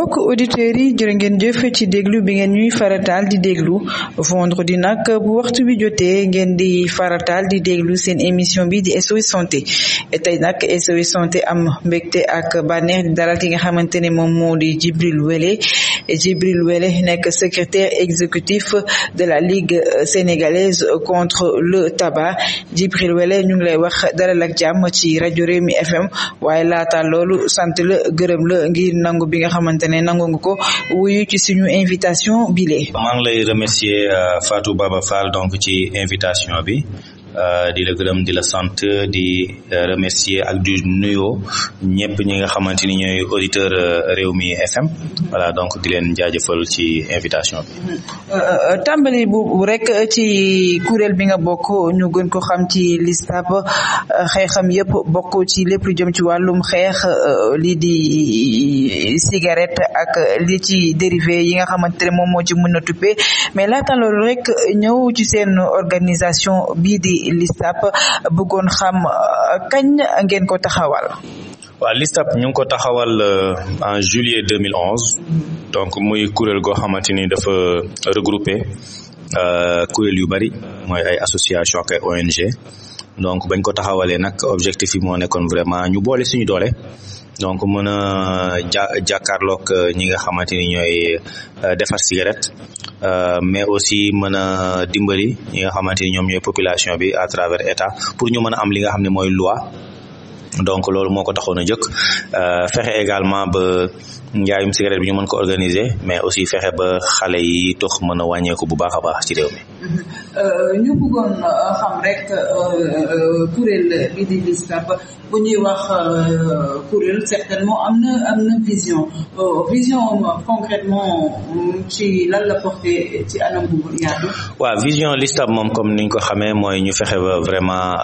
mbokk auditeurs yi jërë ngeen jëf ci déglu bi ngeen ñuy farataal di déglu vendredi nag bu waxtu wi jotee ngeen di farataal di déglu seen émission bi di SOS santé tey nag SOS santé am mbégte ak bànneex di dalal ki nga xamante ne moom moo di Djibril Wélé Djibril Wélé nekk secrétaire exécutif de la Ligue sénégalaise contre le tabac Djibril Wélé ñu ngi lay wax dalal ak jàmm ci rajo Rewmi FM waaye laata loolu sant la gërëm la ngir nangu bi nga xamante ne nangu nga ko wuyu ci suñu invitation bile. maa ngi lay remercier euh, Fatou Baba fal donc ci invitation bi. Euh, di la gërëm di la sant di euh, remercier ak di nuyoo ñëpp ñi nga xamante ni ñooy auditeur euh, réew mi FM voilà donc di leen jaajëfal ci invitation bi. tàmbali boobu rek ci kuréel bi nga bokk ñu gën ko xam ci LISTAB xeexam yëpp bokk ci lépp lu jëm ci wàllum xeex lii di cigarette ak li ci dérivé yi nga xamante ne moom moo ci mën a tuppee mais laata rek ñëw ci seen organisation bii di. LISTAB bëggoon xam euh, kañ ngeen ko taxawal. waaw LISTAB ñu ko taxawal euh, en juillet 2011 donc muy kuréel goo xamante ni dafa regroupé euh, kuréel yu bari mooy ay association ak ONG donc bañ ko taxawalee nag objectif yi moo nekkoon vraiment ñu boole suñu doole. donc mën a ja jàkkaarloog euh, ñi nga xamante ni ñooy euh, defar cigarette euh, mais aussi mën a dimbali ñi nga xamante ni ñoom ñooy population bi à travers état pour ñu mën a am li nga xam ne mooy loi donc loolu moo ko taxoon a jëkk fexe également ba njaayum cigarette bi ñu mën ko organiser mais aussi fexe ba xale yi tox mën a wàññeeku bu baax a baax ci réew mi. Euh, ñu bëggoon euh, xam rek euh, kuréel ñuy wax certainement am na vision vision ci lan la ci anam bu yaatu. waaw vision LISCAP moom comme niñ ko xamee mooy ñu fexe ba vraiment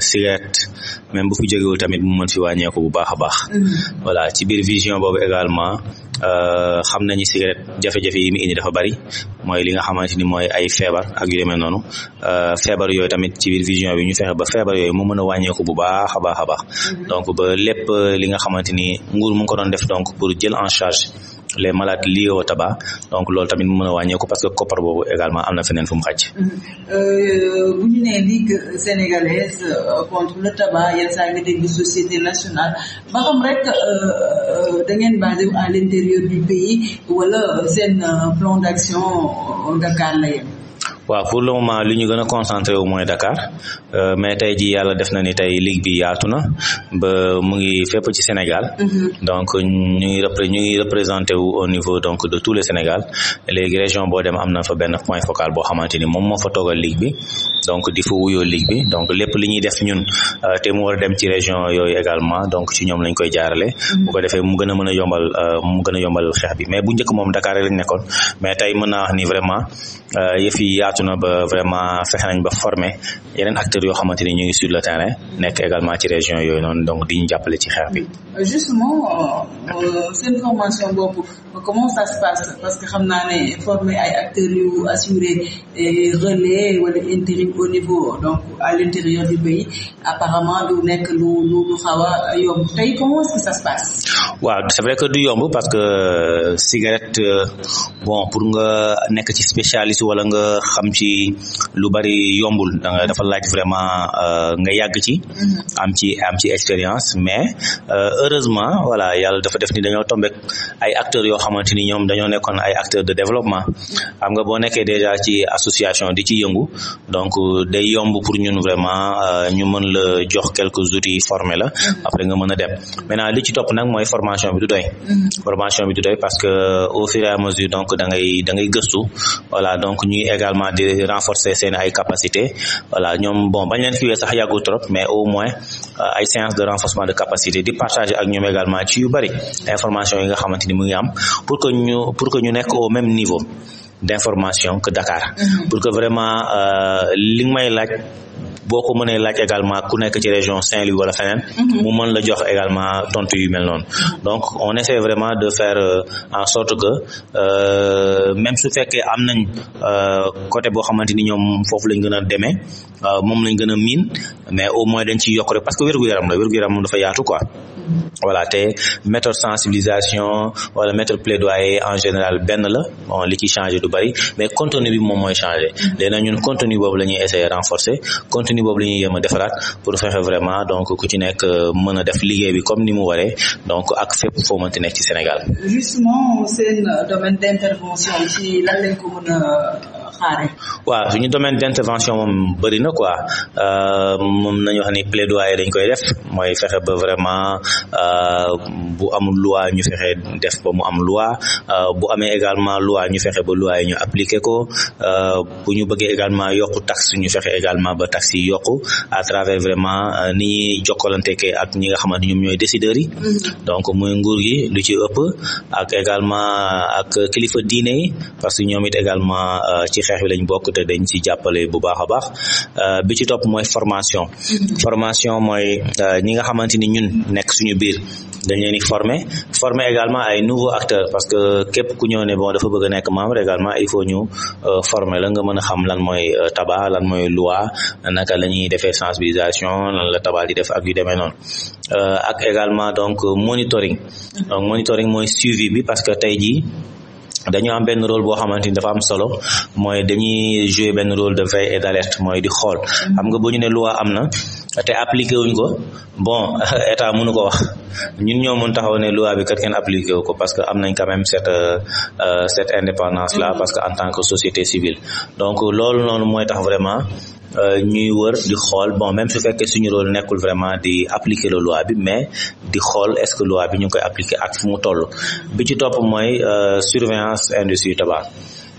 cigarette même bu fi jegewul tamit mu mën fi wàññeeku bu baax a baax. Mm-hmm. voilà ci biir vision boobu également euh, xam nañu cigarette jafe-jafe yi mu dafa bari mooy li nga xamante ni mooy ay feebar ak yu demee noonu euh, feebar yooyu tamit ci biir vision bi ñu fexe ba feebar yooyu mu mën a wàññeeku bu baax a baax a baax mm-hmm. donc ba lépp li nga xamante ni nguur mu ngi ko doon def donc pour jël en charge les malades liés au donc loolu tamit mën a wàññeeku parce que koppar boobu également am na feneen fu mu xàcc. Mhm. Euh, bu ñu sénégalaise euh, contre le tabac yenn saa nga dégg société nationale ba xam rek euh, da ngeen basé à l'intérieur du pays wala seen plan d'action Dakar la yem. waaw pour le moment li ñu gën a concentré wu mooy Dakar euh, mais tey jii yàlla def na ni tey ligue bi yaatu na ba mu ngi fépp ci Sénégal. Mm-hmm. donc ñu ngi repré ñu ngi représenté wu au niveau donc de tout les Sénégal léegi région boo dem am na fa benn point focal boo xamante ni moom moo fa toogal ligue bi donc di fa wuyoo ligue bi donc lépp li ñuy def ñun euh, te mu war dem ci région yooyu également donc ci ñoom lañ koy jaarale. Mm-hmm. bu ko defee mu gën a mën a yombal euh, mu gën a yombal xeex bi mais bu njëkk moom Dakar lañ nekkoon Euh, yëf yi yaatu na ba vraiment fexe nañ ba former yeneen acteurs yoo xamante ni ñu ngi sur le terrain nekk également ci région yooyu noonu donc di jàppale ci xeex bi. justement euh, euh, seen formation boobu comment ça se passe parce que xam naa ne ay acteurs yu assurer relais wala intérim du pays apparemment du nekk lu lu lu yomb tey comment est se passe. waaw c'est vrai que du yomb parce que cigarette bon pour nga nekk ci spécialiste. si wala nga xam ci lu bari yombul dafa laaj vraiment euh, nga yàgg ci mm-hmm. am ci am ci expérience mais euh, heureusement voilà yàlla dafa def ni dañoo tombé ay acteurs yoo xamante ni ñoom dañoo nekkoon ay acteurs de développement xam nga boo nekkee déjà ci association di ci yëngu donc euh, day yomb pour ñun vraiment ñu mën la jox quelques outils formés la mm-hmm. après nga mën a dem maintenant li ci topp nag mooy formation bi du doy mm-hmm. formation bi du doy parce que au fur à mesure donc da ngay donc ñuy également di renforcer seen ay capacité voilà ñoom bon bañ leen sax yàggu trop mais au moins euh, ay séance de renforcement de capacité di partager ak ñoom également ci yu bari information yi nga xamante ni pour que ñu pour que ñu nekk au même niveau d'information que Dakar mm-hmm. pour que vraiment euh, li may laaj boo ko mënee laaj également ku nekk ci région Saint-Louis wala feneen mhm. mu mën la jox également tontu yu mel noonu donc on essaie vraiment de faire euh, en sorte que euh, même su fekkee am nañ euh, côté boo xamante ni ñoom foofu lañ gën a demee moom lañ gën a miin mais au moins dañ ciy yokk rek parce que wér-gu-yaram la wér-gu-yaram dafa yaatu ko mhm. voilà te méthode sensibilisation wala méthode plaidoyer en général benn la bon li ci changé du bari mais contenu bi moom mooy changé mhm. léegi nag ñun ni boobu la ñuy yem a defaraat pour fexe vraiment donc ku ci nekk euh, mën a def liggéey bi comme ni mu waree donc ak fépp foo mënti nekk ci Sénégal. justement seen domaine d'intervention ci lan lañ ko mën a xaaree. waaw suñu domaine d'intervention moom bëri na quoi euh, moom nañu wax ni plaidoyer dañ koy def mooy fexe ba vraiment euh, bu amul loi ñu fexe def ba mu am loi euh, bu amee également loi ñu fexe ba loi yi ñu appliquer ko bu ñu bëggee également yokku taxe ñu fexe également ba taxe yi yokku à travers vraiment ni ñuy ke ak ñi nga xamante ñoom ñooy décideurs yi mm-hmm. donc muy nguur gi lu ci ëpp ak également ak kilifa diine yi parce que ñoom également ci xeex bi lañ bokk te dañ si jàppale bu baax a baax euh, bi ci topp mooy formation mm-hmm. formation mooy euh, ñi nga xamante ni ñun nekk suñu biir dañ leen di former former également ay nouveaux acteurs parce que képp ku ñëw ne bon dafa bëgg a nekk membre également il faut ñu euh, former la nga mën a xam lan mooy taba lan mooy loi naka la ñuy defee sensibilisation lan la tabac di def ak yu demee noon ak également donc monitoring mm-hmm. donc suivi bi parce que tey jii dañoo am benn rôle boo xamante ni dafa am solo mooy dañuy jouer benn rôle de veille et d'alerte mooy di xool mm-hmm. xam nga bu ñu ne loi am na te appliqué wuñ ko bon état munu ko wax ñun ñoo mun taxaw ne loi bi kat kenn appliqué wu ko parce que am nañ quand même cette euh, cette indépendance la mm-hmm. parce que en tant que société civile donc loolu noonu mooy tax vraiment Euh, ñuy wër di xool bon même su fekkee suñu rôle nekkul vraiment di appliquer la bi mais di xool est-ce que loi bi ñu ngi koy appliquer ak fu mu toll bi ci topp mooy euh, surveillance industrie tabac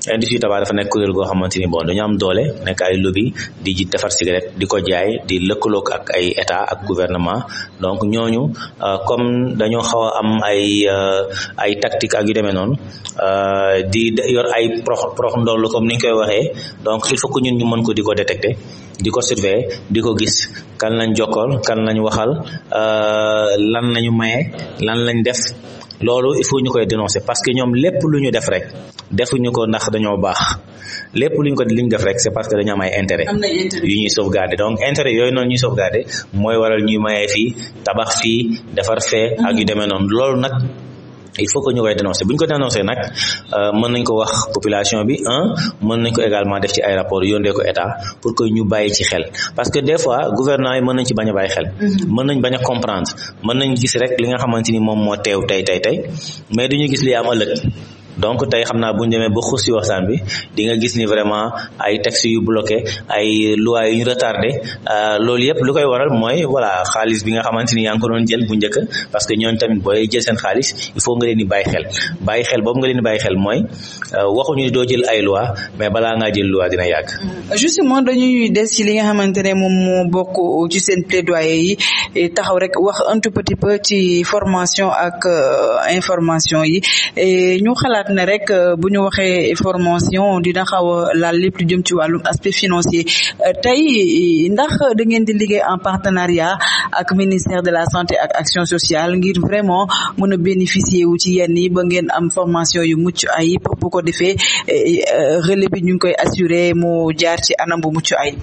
industrie tabac dafa nekk kuréel goo xamante ni bon dañu am doole nekk ay lobi di ji defar cigarette di ko jaay di lëkkaloog ak ay état ak gouvernement donc ñooñu euh, comme dañoo xaw a am ay euh, ay tactique ak yu demee noonu euh, di yor ay prox prox ndoll comme ni ñu koy waxee donc il faut que ñun ñu mën ko di ko détecter di ko surveiller di ko gis kan lañ jokkool kan lañ waxal lan lañu maye lan lañ def loolu il faut ñu koy dénoncer parce que ñoom lépp lu ñu def rek defuñu ko ndax dañoo baax lépp lu ko li ñu def rek c'est parce que dañu am ay intérêt yu ñuy sauvegarder donc intérêt yooyu noonu ñuy sauvegarder mooy waral ñuy mayee fii tabax fii defar fee ak yu demee noonu loolu nag il faut que ñu koy dénoncer bu ñu ko dénoncer nag euh, mën nañ ko wax population bi un mën nañ ko également def ci ay rapports yónnee ko état pour que ñu bàyyi ci xel parce que des fois gouvernants yi mën nañ ci bañ a bàyyi xel mm-hmm. mën nañ bañ a comprendre mën nañ gis rek li nga xamante moom moo teew tey tey tey mais duñu gis li am ëllëg donc tey xam naa bu ñu demee ba xuus si waxtaan bi di nga gis ni vraiment ay texte yu bloqué ay loi yu ñu retardé euh, loolu yëpp lu koy waral mooy voilà xaalis bi nga xamante ni yaa ngi ko doon jël bu njëkk parce que ñooñu tamit booy jël seen xaalis il faut nga leen di bàyyi xel bàyyi xel boobu nga leen di bàyyi xel mooy euh, waxuñu ni doo jël ay loi mais balaa ngaa jël loi dina yàgg. Mm. justement dañuy des ci li nga xamante ne moom moo bokk ci seen plaidoyer yi taxaw rek wax un ci formation ak euh, information yi ñu jàpp ne rek euh, bu ñu waxee formation dina xaw a laal lépp lu jëm ci wàllum aspect financier euh, tey ndax da ngeen di liggéey en partenariat ak ministère de la santé ak action sociale ngir vraiment mën a bénéficier wu ci yenn yi ba ngeen am formation yu mucc ayib bu ko defee euh, relais bi ñu ngi koy assurer mu jaar ci anam bu mucc ayib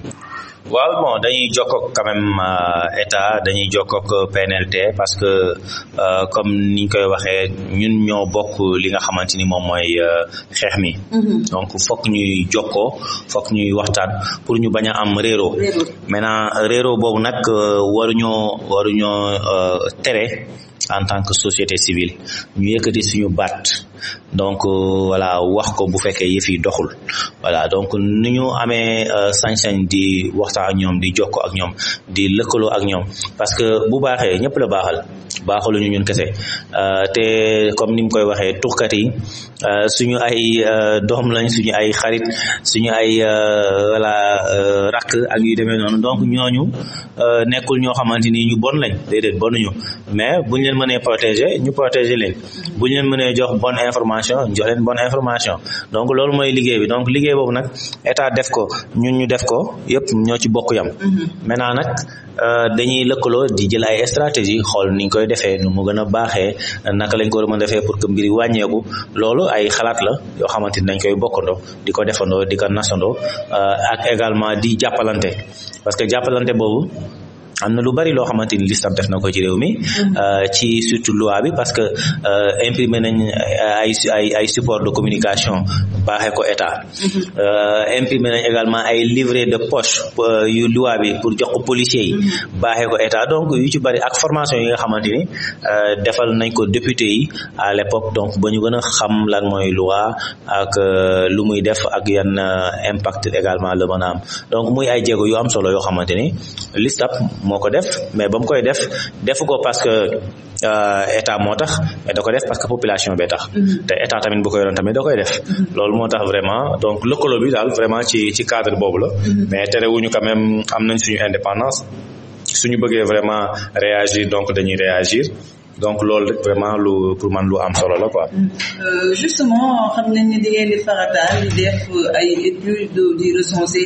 waaw bon dañuy jokkook quand même euh, état dañuy jokkook PNLT parce que euh, comme niñ koy waxee ñun ñoo bokk li nga xamante ni moom mooy euh, xeex mi. Mm-hmm. donc fokk ñuy jokkoo fokk ñuy waxtaan pour ñu bañ a am réero. maintenant réero boobu nag waruñoo waruñoo tere en tant que société civile ñu yëkkati suñu baat. donc euh, voilà wax ko bu fekkee yëf yi doxul voilà donc ni ñu amee euh, sañ-sañ di waxtaan ak ñoom di jokkoo ak ñoom di lëkkaloo ak ñoom parce que bu baaxee ñëpp la baaxal ñu ñun kese euh, te comme ni mu koy waxee tuxkat yi euh, suñu ay euh, doom lañ suñu ay xarit suñu ay voilà rakk ak yu demee noonu donc ñooñu nekkul ñoo xamante ni ñu bon lañ déedéet bonuñu mais bu ñu leen mënee protéger ñu protéger leen buñ leen mënee jox bonne information jox leen bonne information donc loolu mooy liggéey bi donc liggéey boobu nag état def ko ñun ñu def ko yëpp ñoo ci bokk yam mm-hmm. maintenant Euh, dañuy lëkkaloo di jël ay stratégie xool niñ koy defee nu mu gën a baaxee naka lañ ko war a mën defee pour que mbir yi wàññeeku loolu ay xalaat la yoo xamante ni dañ koy bokkandoo di ko defandoo di ko nasandoo euh, ak également di jàppalante parce que jàppalante boobu am na lu bari loo xamante ni listab def na ko ci réew mi mm-hmm. euh, ci surtout loi bi parce que euh, imprimé nañ ay ay ay support de communication baaxee ko état mm-hmm. euh, imprimé nañ également ay livret de poche yu loi bi pour jox ko policiers yi mm-hmm. baaxee ko état donc yu ci bari ak formation yi nga xamante ni defal nañ ko député yi à l'époque donc ba ñu gën a xam lan mooy luwa ak lu muy def ak yan impact également le mën donc muy ay jéego yu am solo yoo xamante ni listab moo ko def mais ba mu koy def defu ko parce que euh, état moo tax mais da ko def parce que population bee tax mm-hmm. te état tamit bu ko yoroon tamit da koy def mm-hmm. loolu moo tax vraiment donc lëkkaloo bi daal vraiment ci ci cadre boobu la mm-hmm. mais terewuñu quand même am nañ suñu indépendance suñu bëggee vraiment réagir donc dañuy réagir donc loolu rek vraiment lu pour man lu am solo la quoi. Euh, justement xam nañ ni di ngeen di farataal def euh, ay études di recenser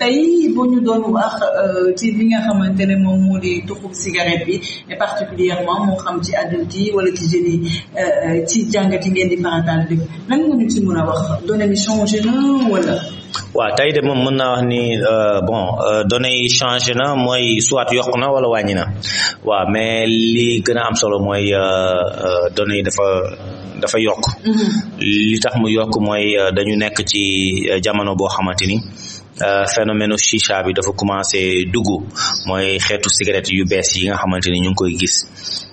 tey boo ñu doon wax euh, ci li nga xamante ne moom moo di tuxub cigarette bi et particulièrement moo xam ci adulte wala ci jeunes yi ci jàngat yi ngeen di farataal def lan nga ñu ci a wax doon émission changé wala. waaw tey de moom mën naa wax ni euh, bon euh, données yi changé na mooy soit yokk na wala wàññi na waaw mais li gën a am solo mooy euh, données yi dafa dafa yokk mm-hmm. li tax mu yokk mooy dañu nekk ci jamono boo xamante ni Uh, phénomène bi dafa commencé duggu mooy xeetu cigarette yu bees yi nga xamante ni ñu ngi koy gis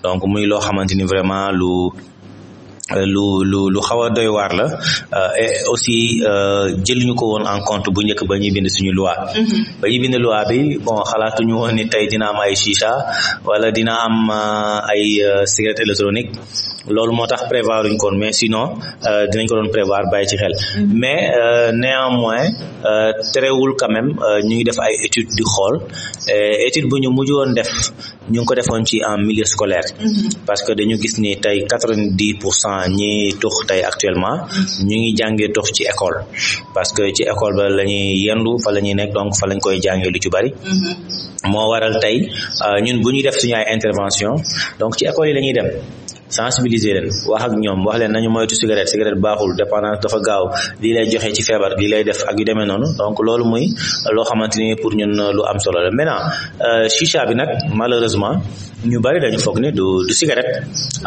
donc muy loo xamante ni vraiment lu Euh, lu lu lu xaw a doy waar la euh, et aussi euh, jëluñu ko woon en compte bu njëkk ba ñuy bind suñu loi mhm. ba ñuy bind loi bi bon xalaatuñu woon ni tey dina am ay chicha wala dina am ay cigarette électronique loolu moo tax prévoir uñ koon mais sinon euh, dinañ ko doon prévoir bàyyi ci xel mm-hmm. mais euh, néanmoins euh, terewul quand ñu ngi def ay étude di xool étude bu ñu mujj woon def ñu ngi ko defoon ci en milieu scolaire mm-hmm. parce que dañu gis ni tey quatre vingt pour cent ñi tux tey actuellement mm-hmm. ñu ngi jàngee tux ci école parce que ci école ba la ñuy yendu fa la ñuy nekk donc fa lañ koy jàngee lu ci bari moo waral tey ñun bu ñuy def suñu ay intervention donc ci école yi lañuy dem sensibiliser leen wax ak ñoom wax leen nañu moytu cigarette cigarette baaxul dépendance dafa gaaw lii lay joxe ci feebar lii lay def ak yu demee noonu donc loolu muy loo xamante ni pour ñun lu am solo la maintenant euh, chicha bi nag malheureusement ñu bari dañu foog ni du du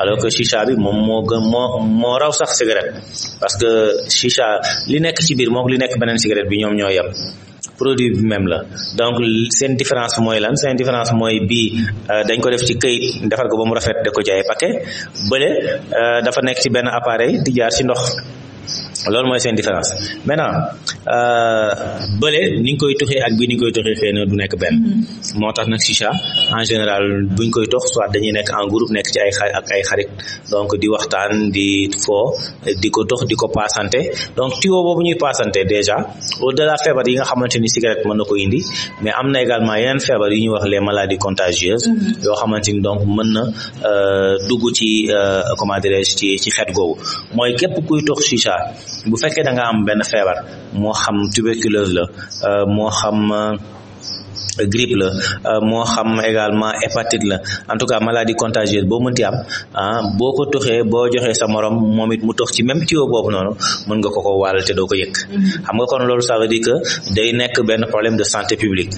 alors que chicha bi moom moo gën moo moo raw sax cigarette parce que chicha li nekk ci biir moom li nekk beneen cigarette bi ñoom ñoo yem produit bi même la donc seen différence mooy lan seen différence mooy bii euh, dañ ko def ci këyit defar ko ba mu rafet de ko jaay paquet bële euh, dafa nekk ci benn appareil di jaar ci ndox loolu mooy seen différence maintenant euh, bële ni nga koy tuxee ak bii ni nga koy tuxee du nekk benn mm-hmm. moo tax nag chicha en général buñ koy tox soit dañuy nekk en groupe nekk ci ay xar ak ay xarit donc di waxtaan di foo di ko dox di ko paasante donc tiwo boobu ñuy paasante déjà au delà feebar yi nga xamante ni cigarette mën na ko indi mais am na également yeneen feebar yi ñuy wax les maladies contagieuses mm-hmm. yoo xamante ni donc mën na euh, dugg ci euh, comment dirais-je ci ci xeet googu mooy képp kuy tox chicha bu fekkee da nga am benn feebar moo xam tuberculose la euh, moo xam euh, grippe la euh, moo xam également hépatite la en tout cas maladie contagieuse boo mënti am ah, boo ko toxee boo joxee sa moroom moom it mu tox ci même tuyau boobu noonu mën nga ko ko wàllal te doo ko yëg mm-hmm. xam nga kon loolu ça veut que day nekk benn problème de santé publique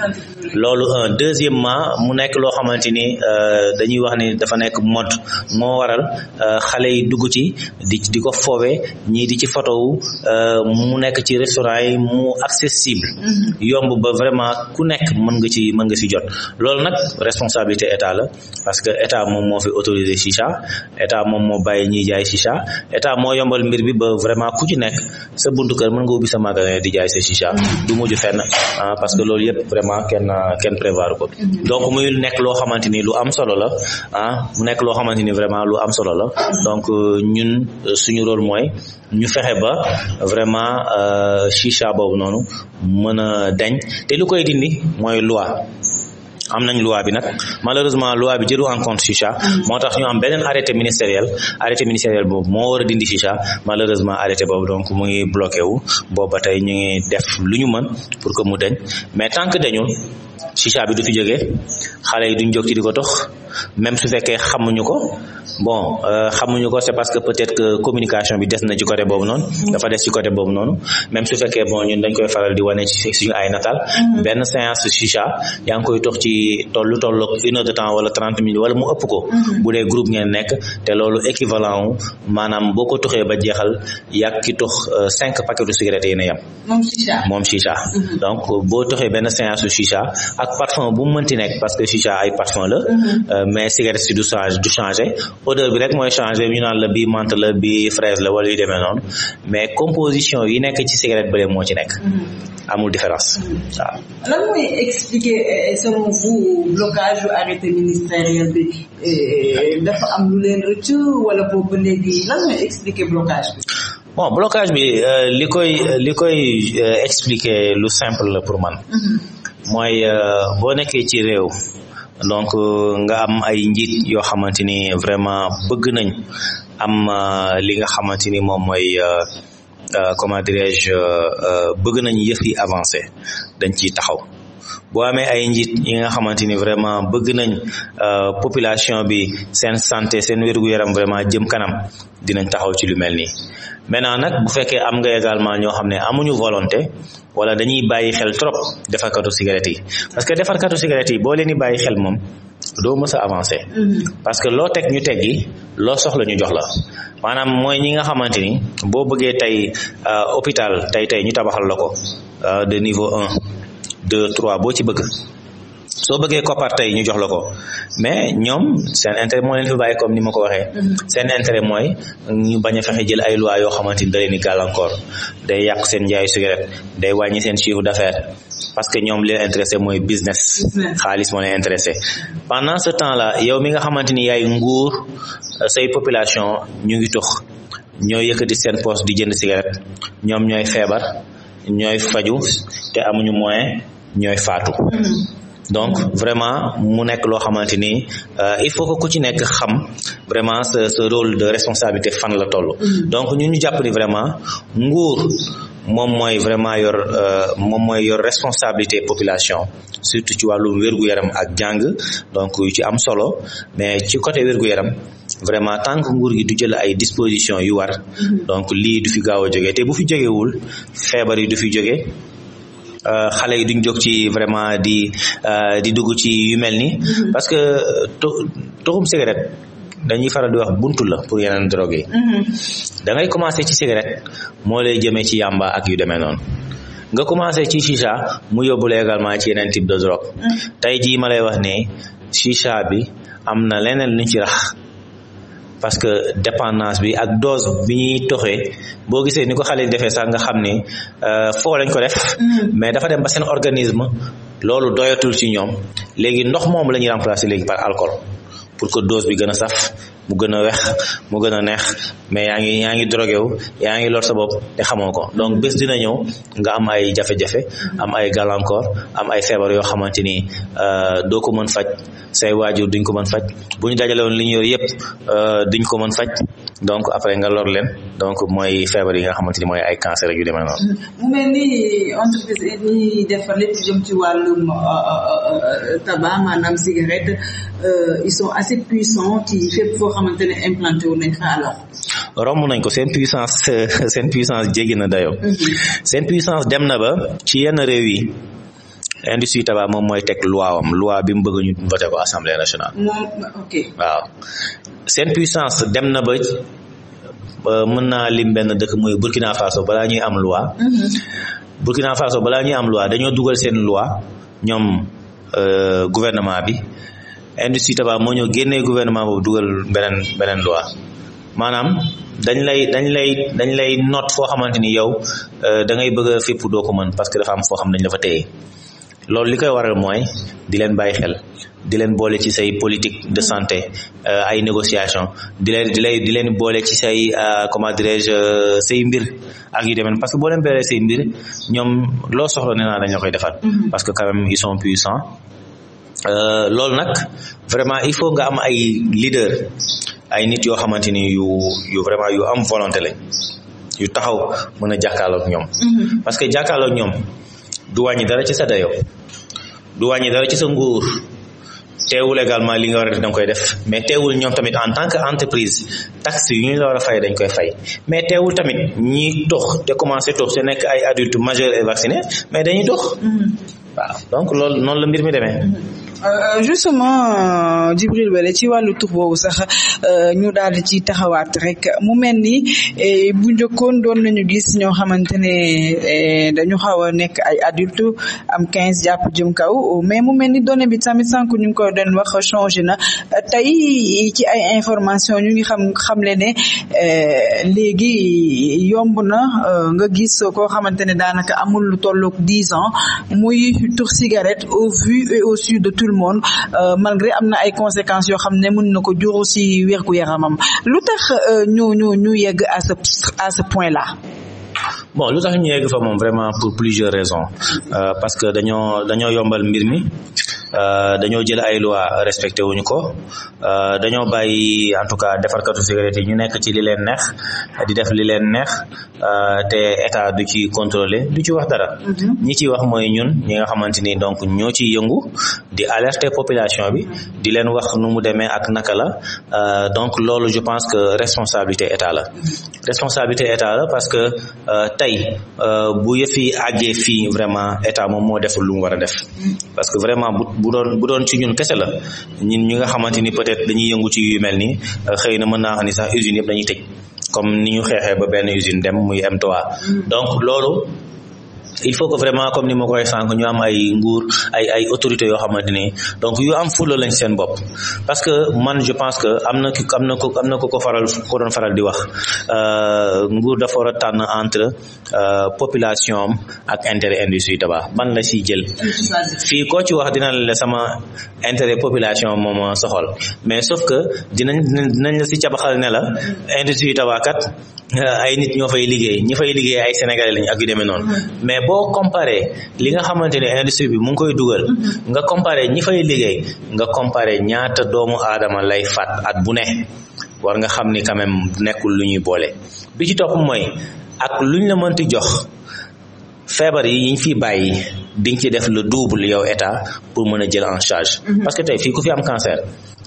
loolu un deuxièmement mu nekk loo xamante ni euh, dañuy wax ni dafa nekk mode moo waral euh, xale yi dugg ci di di ko foowe ñii di ci photo wu mu nekk ci restaurant yi mu accessible mm-hmm. yomb ba vraiment ku nekk nga ci mën nga si jot loolu nag responsabilité état la parce que état moom moo fi autorisé chicha état moom moo bàyyi ñiy jaay chicha état moo yombal mbir bi ba vraiment ku ci nekk sa buntu kër mën nga ubbi sa magasin di jaay sa chicha du mujj fenn ah, parce que loolu yëpp vraiment kenn kenn prévoir ko donc muy nekk loo xamante ni lu am solo la ah mu nekk loo xamante ni vraiment lu am la donc euh, ñun euh, suñu rôle mooy ñu fexe ba vraiment euh, chicha boobu noonu mën a te lu koy dindi mooy lu loi am nañ loi bi nag malheureusement loi bi jëlu en compte chicha moo tax ñu am beneen arrêté ministériel arrêté ministériel boobu moo war a dindi chicha malheureusement arrêté boobu donc mu ngi bloqué wu boobu ba tey ñu ngi def lu ñu man pour que mu deñ mais tant que dañul chicha bi du fi jógee xale yi duñ jóg ci di ko tox même su fekkee xamuñu ko bon euh, xamuñu ko c'est parce que peut-être que communication bi des na ci côté boobu noonu dafa des ci côté boobu noonu même su fekkee bon dañ koy faral di wane ci suñu ay nataal mm-hmm. benn séance chicha yaa ngi koy tox ci tollu tolloog une heure de temps wala trente minutes wala mu ëpp ko mm-hmm. bu dee groupe ngeen nekk te loolu équivalent wu maanaam boo ko toxee ba jeexal yàgg ki tox euh, cinq paquets de cigarettes yi na yem moom chicha mm-hmm. donc boo toxee benn séance chicha ak parfum bu mu mënti nekk parce que chicha ay parfum la mhm. euh, mais cigarette si du change du changé odeur bi rek mooy changé ñu naan la bii menthe la bii fraise la wala yu demee noonu mais composition yi nekk ci cigarette bële moo ci nekk mhm. amul différence mhm. waaw euh, bi euh, dafa wala boobu léegi lan mooy expliquer blocage bi li koy li koy expliquer lu simple la pour man mooy euh, boo nekkee ci réew donc euh, nga am ay njiit yoo xamante ni vraiment bëgg nañ am euh, li nga xamante ni moom mooy comment dirais-je bëgg nañ yëf yi avancé dañ ciy taxaw boo amee ay njiit yi nga xamante ni vraiment bëgg nañ euh, population bi seen santé seen wér yaram vraiment jëm kanam dinañ taxaw ci lu mel nii maintenant nag bu fekkee am nga également ñoo xam ne amuñu volonté wala dañuy bàyyi xel trop defarkatu cigarette yi parce que defarkatu cigarette yi boo leen di bàyyi xel moom doo mës a avancé mm-hmm. parce que loo teg ñu teggi loo soxla ñu jox la maanaam mooy ñi nga xamante ni boo bëggee tey euh, hôpital tey tey ñu tabaxal la ko euh, de niveau un deux boo ci bëgg soo bëggee koppar tey ñu jox la ko mais ñoom seen intérêt moo leen fi bàyyi comme ni ma ko waxee mm-hmm. seen intérêt mooy ñu bañ a fexe jël ay loi yoo xamante ni da leen gàllankoor day yàq seen njaayu cigarette day wàññi seen chiffre d'affaires parce que ñoom li leen intéressé mooy business xaalis moo leen intéressé pendant ce temps là yow mi nga xamante ni yaay nguur euh, sey population ñu ngi tux ñooy yëkkati seen poste di jënd cigarette ñoom ñooy feebar ñooy amuñu moyen ñooy faatu donc vraiment mu nekk loo xamante ni euh, il faut que ku ci nekk xam vraiment ce ce rôle de responsabilité fan la toll mm-hmm. donc ñu ñu jàpp ni vraiment nguur moom mooy vraiment yor euh, moom mooy yor responsabilité population surtout ci wàllum wér-gu-yaram ak jàng donc yu ci am solo mais ci côté wér-gu-yaram vraiment tant nguur gi du jël ay dispositions yu war mm-hmm. donc lii du fi gaaw a jógee te bu fi jógewul feebar yi du fi jóge Euh, xale yi duñ jóg ci vraiment di euh, di dugg ci yu mel ni mm-hmm. parce que toxum cigarette dañuy faral di wax buntu la pour yeneen drogue yi mm-hmm. da commencé ci cigarette moo lay jëmee ci yàmba ak yu demee noonu nga commencé ci chicha mu yóbbu la également ci yeneen type de drogue mm-hmm. tey jii ma lay wax ne chicha bi am na leneen luñ ci rax parce que dépendance bi ak dose bi ñuy toxee boo gisee ni ko xale yi defee sax nga xam ni euh, foo lañ ko def mm. mais dafa dem ba seen organisme loolu doyatul ci ñoom léegi ndox moom la ñuy remplacer léegi par alcool pour que dose bi gën a saf mu gën a wex mu gën a neex mais yaa ngi yaa ngi drogué wu yaa ngi lor sa bopp te xamoo ko donc bés dina ñëw nga am ay jafe-jafe am ay gàllankoor am ay feebar yoo xamante ni euh, doo ko mën faj say waajur duñ ko mën faj bu ñu dajale woon li ñu yor yëpp euh, duñ ko mën faj donc après nga lor leen donc mooy feebar yi nga xamante ni mooy ay cancer ak yu demee noonu. mu mel ni entreprise euh, euh, euh, cigarette ils sont assez puissants ci fépp foo xamante implanté wu nañ fa alors. romb nañ ko seen puissance seen na dayo mhm. seen puissance dem na ba ci yenn réew yi. industrie tabac moom mooy teg loi am loi bi mu bëgg ñu voté ko assemblée nationale. waaw seen puissance dem na ba mën naa lim benn dëkk muy Burkina Faso balaa ñuy am loi mm-hmm. Burkina Faso balaa ñuy am loi dañoo dugal seen loi ñoom euh, gouvernement bi industrie tabac moo ñoo génnee gouvernement boobu dugal beneen beneen loi maanaam dañ lay dañ lay dañ lay noot foo xamante ni yow euh, da ngay bëgg a fépp doo ko mën parce que dafa am foo xam dañ la fa téye loolu li koy waral mooy di leen bàyyi xel di leen boole ci say politique de santé euh, ay négociation di leen di di leen boole ci say euh, comment dirais-je euh, say mbir ak yu demee parce que boo leen boolee say mbir ñoom loo soxla nee naa dañ la koy defal mm-hmm. parce que quand même ils sont puissants loolu nag vraiment il faut nga am ay leader ay nit yoo xamante ni yu yu vraiment yu am volonté lañ yu taxaw mën a jàkkaarloog ñoom mm-hmm. parce que jàkkaarloog ñoom du wañ dara ci sa dayo du wàññi dara ci sa nguur teewul également li nga war a def da koy def mais teewul ñoom tamit en tant que entreprise taxe yu ñu la war a fay dañ koy fay mais teewul tamit ñi tox te commencé tox te nekk ay adultes majeurs et vaccinés mais dañuy tox mm-hmm. donc loolu noonu la mbir mi demee mm-hmm. Euh, euh, justement euh, Djibril Wele ci wàllu tur boobu sax ñu daal di ci taxawaat rek mu mel ni eh, bu njëkkoon doon nañu gis ñoo xamante ne eh, dañu xaw a nekk ay adulte am quinze jàpp jëm kaw mais mu mel ni donné bi tamit sànq ñu ngi koy den wax changé na tey ci ay information ñu ngi xam xamle ne eh, léegi yomb na nga gis ko xamante ne daanaka amul lu tolloog dix ans muy tur cigarette au vu et au su de tout le monde euh, malgré am na ay conséquences yoo xam ne mën na ko juru ci wérgu yaramam lu tax euh, ñu ñu ñu yegg à ce à ce point là. bon lu tax ñu yegg fa moom vraiment pour plusieurs raisons euh, parce que dañoo dañoo yombal mbir mi. Euh, dañoo jël ay loi respecté wuñu ko euh, dañoo bàyyi en tout cas defarkatu cigarette yi ñu nekk ci li leen neex di def li leen neex euh, te état du ci contrôler du ci wax dara mm-hmm. ñi ciy wax mooy ñun ñi nga xamante ni donc ñoo ciy yëngu di alerter population bi di leen wax nu mu demee ak naka la donc loolu je pense que responsabilité état la mm-hmm. responsabilité état la parce que tey bu yëfi àggee fii vraiment état moom moo deful lu mu war a def mm-hmm. parce que vraiment bu doon bu doon ci ñun kese la ñun ñi nga xamante ni peut-être dañuy yëngu ci yu mel ni euh, xëy na mën naa xam sax usines yëpp dañuy tëj comme ni ñu xeexee ba benn usine dem muy m mm. donc loolu il faut que vraiment comme ni ma koy sànq ñu am ay nguur ay autorité autorités yoo xamante ni donc yo am fulla lañ seen bopp parce que man je pense que am na ki am na ko am na ko ko faral ko doon faral di wax euh, nguur dafa war a tànn entre euh, population ak intérêt industrie tabac ban la siy jël fii koo ci wax dina la sama intérêt population moom soxal mais sauf que dinañ dinañ la si cabaxal ne la industrie tabac kat euh, ay nit ñoo fay liggéey ñi fay liggéey ay sénégalais lañ ak yu demee noonu mais boo comparé li nga xamante ne industrie bi mu ngi koy dugal mm-hmm. nga comparer ñi fay liggéey nga comparer ñaata doomu aadama lay faat at bu ne war nga xam ni quand même nekkul lu ñuy boole bi ci topp mooy ak luñ la mënti jox feebar yi yiñ fi bàyyi di nga ci def le double yow état pour mën a jël en charge mm-hmm. parce que tey fii ku fi am cancer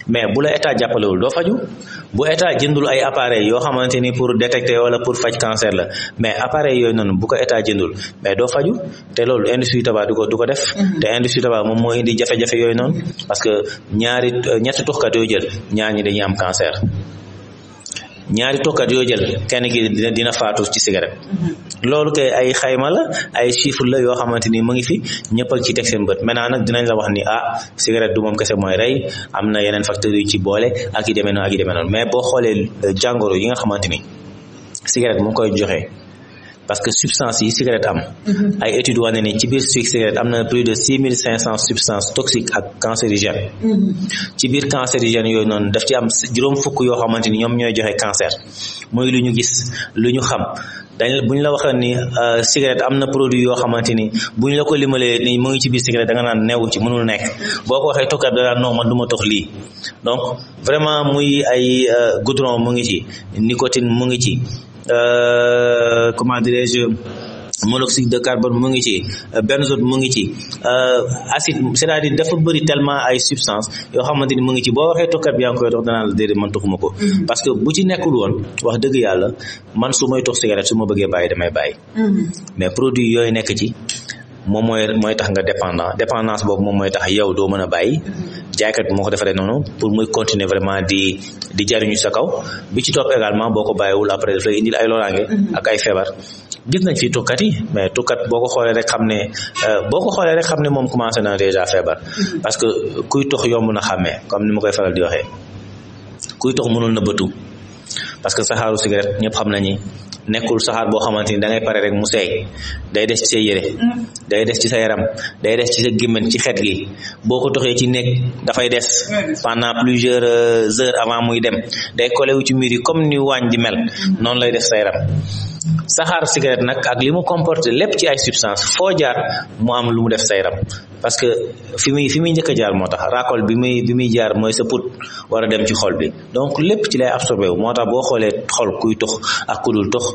mais bu la état jàppalewul doo faju bu état jëndul ay appareils yoo xamante ni pour détecter wala pour faj cancer la mais appareils yooyu noonu bu ko état jëndul mais do faju te loolu industrie tabac du ko du ko def mm-hmm. te industrie tabac moom moo indi jafe-jafe yooyu noonu parce que ñaari ñetti tuxkat yoo jël ñaar ñi dañuy am cancer ñaari tokkat yoo jël kenn gi dina dina faatu ci cigarette loolu kay ay xayma la ay chiffre la yoo xamante ni mu ngi fi ñëpp ak ci teg seen bët maintenant nag dinañ la wax ni ah cigarette du moom kese mooy rey am na yeneen facteurs yu ci boole ak i demee noonu ak yi demee noonu mais boo xoolee euh, jàngoro yi nga xamante ni cigarette mu koy joxee parce que substance yi cigarette am mhm. ay études wane ne ci biir cigarette am na plus de six mille cinq cent substances toxiques ak cancérigènes mhm. ci biir cancérigènes yooyu noonu daf ci am juróom fukk yoo xamante ni ñoom ñooy joxe cancer mooy lu ñu gis lu ñu xam dañ bu ñu la waxee ni euh, cigarette am na produit yoo xamante ni bu ñu la ko limalee ni mu ngi ci biir cigarette da nga naan neewu ci mënul nekk boo ko waxee tokkat da naan non du ma tox lii donc vraiment muy ay euh, goudron mu ngi ci nicotine mu ngi ci Euh, comment dirais-je monoxyde de carbone mu ngi ci benn euh, benzote mu ngi ci euh, acide c'est-à-dire dafa bëri tellement ay substance yoo xamante ni mu ngi ci boo waxee tokkat bi yaa ngi koy dox man toxuma ko mm-hmm. parce que bu ci nekkul woon wax dëgg yàlla man su may tox cigarette su ma bëggee bàyyi damay bàyyi mm-hmm. mais produit yooyu nekk ci moom mooy mooy tax nga dépendant dépendance boobu moom mooy tax yow doo mën a bàyyi jaaykat bi moo ko defaree noonu pour muy continuer vraiment di di jariñu sa kaw bi ci topp également boo ko bàyyiwul après daf lay indil ay loraange ak feebar gis nañ fii tukkat yi mais tukkat boo ko xoolee rek xam ne euh, boo ko rek xam ne moom commencé na déjà feebar parce que kuy tox yomb na xàmmee comme ni ma koy faral di waxee kuy tox mënul na bëtu parce que saxaaru cigarette ñëpp xam nañu nekkul saxaar boo xamante ni da ngay pare rek mu seey day des ci sa yére day des ci sa yaram day des ci sa gémmiñ ci xet gi boo ko toxee ci nekk dafay des pendant plusieurs euh, heures avant muy dem day collé wu ci miir yi comme ni waañ di mel noonu lay def sa yaram saxaar cigarette nag ak li mu comporté lépp ci ay substance foo jaar mu am lu mu def sa yaram parce que fi muy fi muy njëkk a jaar moo tax racole bi muy bi muy jaar mooy sa put war dem ci xool bi donc lépp ci lay absorbé wu moo tax boo xoolee xool kuy tux ak ku dul tux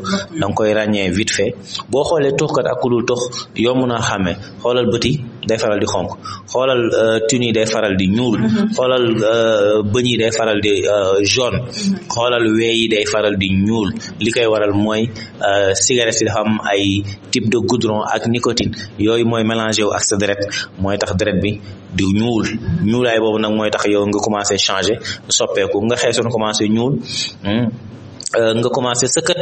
da koy ràññee vite fait boo xoolee tuxkat ak ku dul tux yomb naa xàmmee xoolal bët yi day faral di xonk xoolal euh, tun yi day faral di ñuul mm-hmm. xoolal euh, bëñ yi day faral di euh, jaune mm-hmm. xoolal wee day faral di ñuul li koy waral mooy Euh, cigarette yi dafa am ay type de goudron ak nicotine yooyu mooy mélangé wu ak sa deret mooy tax deret bi di ñuul ñuulaay boobu nag mooy tax yow nga commencé changé soppeeku nga xeesoon commencé ñuul hmm, Euh, nga commencé sëkkat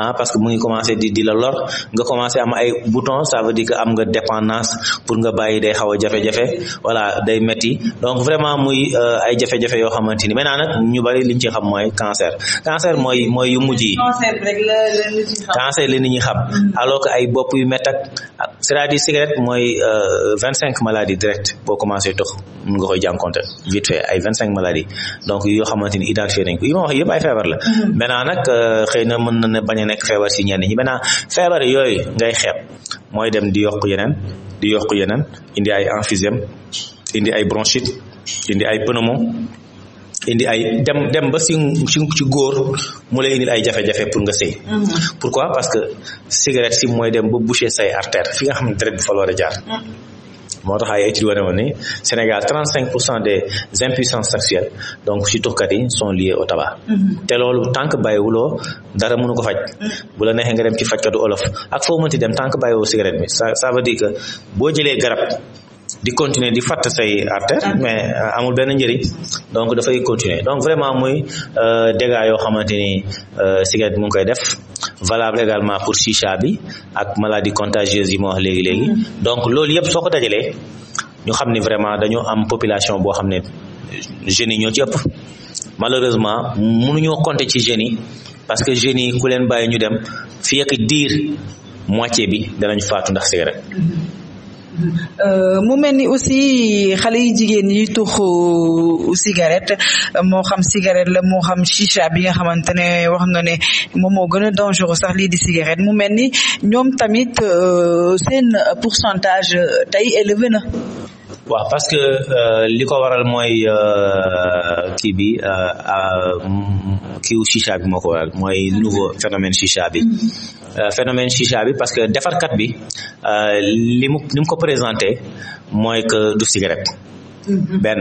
ah parce que mu ngi commencé di di la lor nga commencé am ay boutons ça veut dire que am nga dépendance pour nga bàyyi day xaw a jafe-jafe voilà day metti donc vraiment muy euh, ay jafe-jafe yoo xamante ni maintenant nag ñu bari liñ ci xam mooy cancer cancer mooy mooy yu mujj yi cancer li nit ñi xam mm-hmm. alors que ay bopp yu mett ak c'est-à-dire cigarette mooy euh, vingt cinq maladies directes boo commencé tox mun nga koy jànkonte vite fait ay vingt cinq maladies donc yoo xamante ni identifié nañ ko yi yëpp ay feebar la mm-hmm. maintenant nag euh, xëy na mën na ne bañ a nekk feebar si ñenn ñi maintenant feebar yooyu ngay xeeb mooy dem di yokk yeneen di yokk yeneen indi ay emphysème indi ay bronchite indi ay pneumo indi ay dem dem ba si ci ci góor mu lay indil ay jafe-jafe pour nga sëy mhm. pour parce que cigarette si mooy dem ba boucher say artère fi nga xam ne deret bi fa a jaar mhm. moo tax ay études wane woon ni Sénégal 35 pour cent des impuissances sexuelles donc ci tuxkat son sont liées au tabac. Mm-hmm. te loolu tant que bàyyiwuloo dara mënu ko faj. Mm-hmm. bu la neexee nga dem ci fajkatu olof ak foo mënti dem tant que bàyyiwoo cigarette bi ça ça veut dire que boo jëlee garab. di continuer di fatt say artère mm-hmm. mais euh, amul benn njëriñ donc dafay continuer donc vraiment muy euh, dégâts yoo xamante ni euh, cigarette mu ngi koy def valable également pour chicha bi ak maladie contagieuse yi ma wax léegi léegi donc loolu yëpp soo ko dajalee ñu xam ni vraiment dañu am population boo xam ne jeunes yi ñoo ci ëpp malheureusement mënuñoo compter ci jeunes yi parce que jeunes yi ku leen bàyyi ñu dem fii ak diir moitié bi danañ faatu ndax cigarette Euh, mu mel ni aussi xale yi jigéen yi tux euh, cigarette moo xam cigarette la moo xam chicha bi nga xamante ne wax nga ne moom moo gën a dangereux sax lii di cigarette mu mel ni ñoom tamit euh, seen pourcentage tey élevé na waaw parce que euh, li ko waral mooy euh, kii bi euh, kiiw chicha bi moo ko waral mooy nouveau phénomène chicha bi mm-hmm. phénomène chicha bi parce que defarkat bi li mu li ko présenté mooy que du cigarette Mm-hmm. benn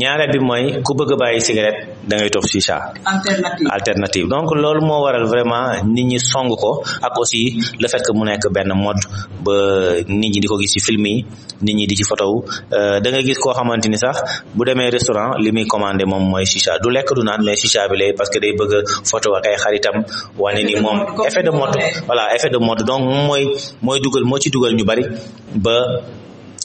ñaareel bi mooy ku bëgg a bàyyi cigarette da ngay toog shisha alternative alternative donc loolu moo waral vraiment nit ñi song ko ak aussi la fait mu nekk benn mod ba nit ñi di ko gis ci film yi nit ñi di ci photo euh, da ngay gis koo xamante ni sax bu demee restaurant li muy commandé moom mooy shisha du lekk du naan mais shisha bi parce que day bëgg foto photo ay xaritam wane ni moom effet de mode voilà effet de mode donc mooy mooy dugal moo ci dugal ñu bari ba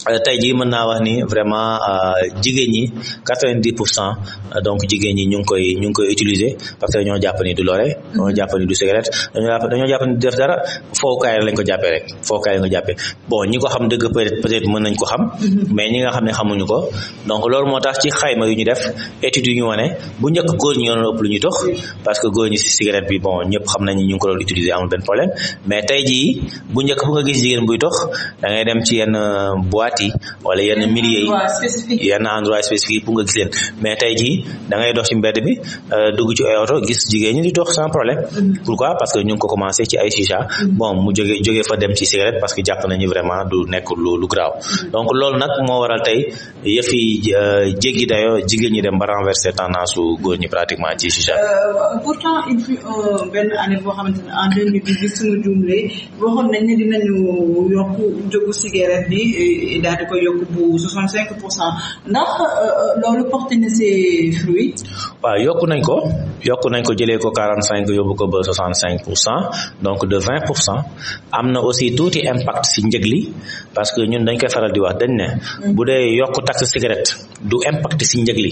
Euh, tey jii mën naa wax ni vraiment euh, jigéen ñi quatre-vingt-dix pour cent euh, donc jigéen ñi ñu ngi koy ñu ngi koy utiliser parce que ñoo jàpp ni du lore dañoo jàpp ni du cigarette dañoo dañoo jàpp ni du def dara fookaay lañ ko jàppee rek fookaay lañ ko jàppee bon ñi ko xam dëgg peut-être mën nañ ko xam mhm. mais ñi nga xam ne xamuñu ko donc loolu moo tax ci xayma yu ñu def études yu ñu wane bu njëkk góor ñi ñoo ëpp lu ñuy tox parce que góor ñi si bi bon ñëpp xam nañ ñu ngi ko doon utiliser amul benn problème mais tey jii bu njëkk bu nga gis jigéen buy tox da ngay dem baat yi wala yenn milieu yi yenn endroit spécifique pour nga gis mais tey jii da ngay dox ci mbedd bi euh, dugg ci ay oto gis jigéen ñi di dox sans problème mm-hmm. pourquoi parce que ñu ko commencé ci ay chicha mm-hmm. bon mu jóge jóge fa dem ci cigarette parce que jàpp nañu vraiment du nekk lu lu graaw mm-hmm. donc loolu nag moo waral tey yëf yi euh, jéggi dayo jigéen ñi dem ba renverser tendance su góor ñi pratiquement ci chicha euh, pourtant il fut benn année boo xamante ne en 2018 daal di koy yokk bu 65 pour cent ndax euh, loolu porté na waaw yokk nañ ko yokk nañ ko jëlee ko quarante cinq yóbbu ko ba cinq pour cent donc de vingt pour cent am na aussi tuuti impact si njëg li parce que ñun dañ koy faral di wax dañ mm. bu dee yokk taxe cigarette du impact si njëg li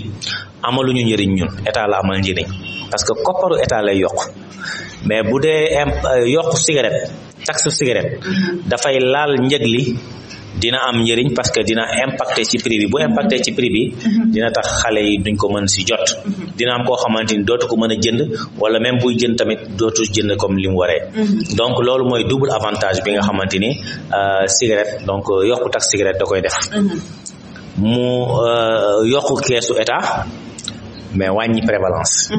amaluñu njëriñ ñun état la amal njëriñ parce que kopparu état lay yokk mais bu dee imp euh, yokk cigarette taxe cigarette mm-hmm. dafay laal njëg dina am njëriñ parce que dina impacté ci prix bi bu impacté ci prix bi mhm. dina tax xale yi duñ ko mën si jot mhm. dina am koo xamante ni dootu ko mën a jënd wala même buy jënd tamit dootu jënd comme li mu waree mhm. donc loolu mooy double avantage bi nga xamante ni euh, cigarette donc euh, yokku tax cigarette da koy def mu euh, yokku keesu état mais wàññi prévalence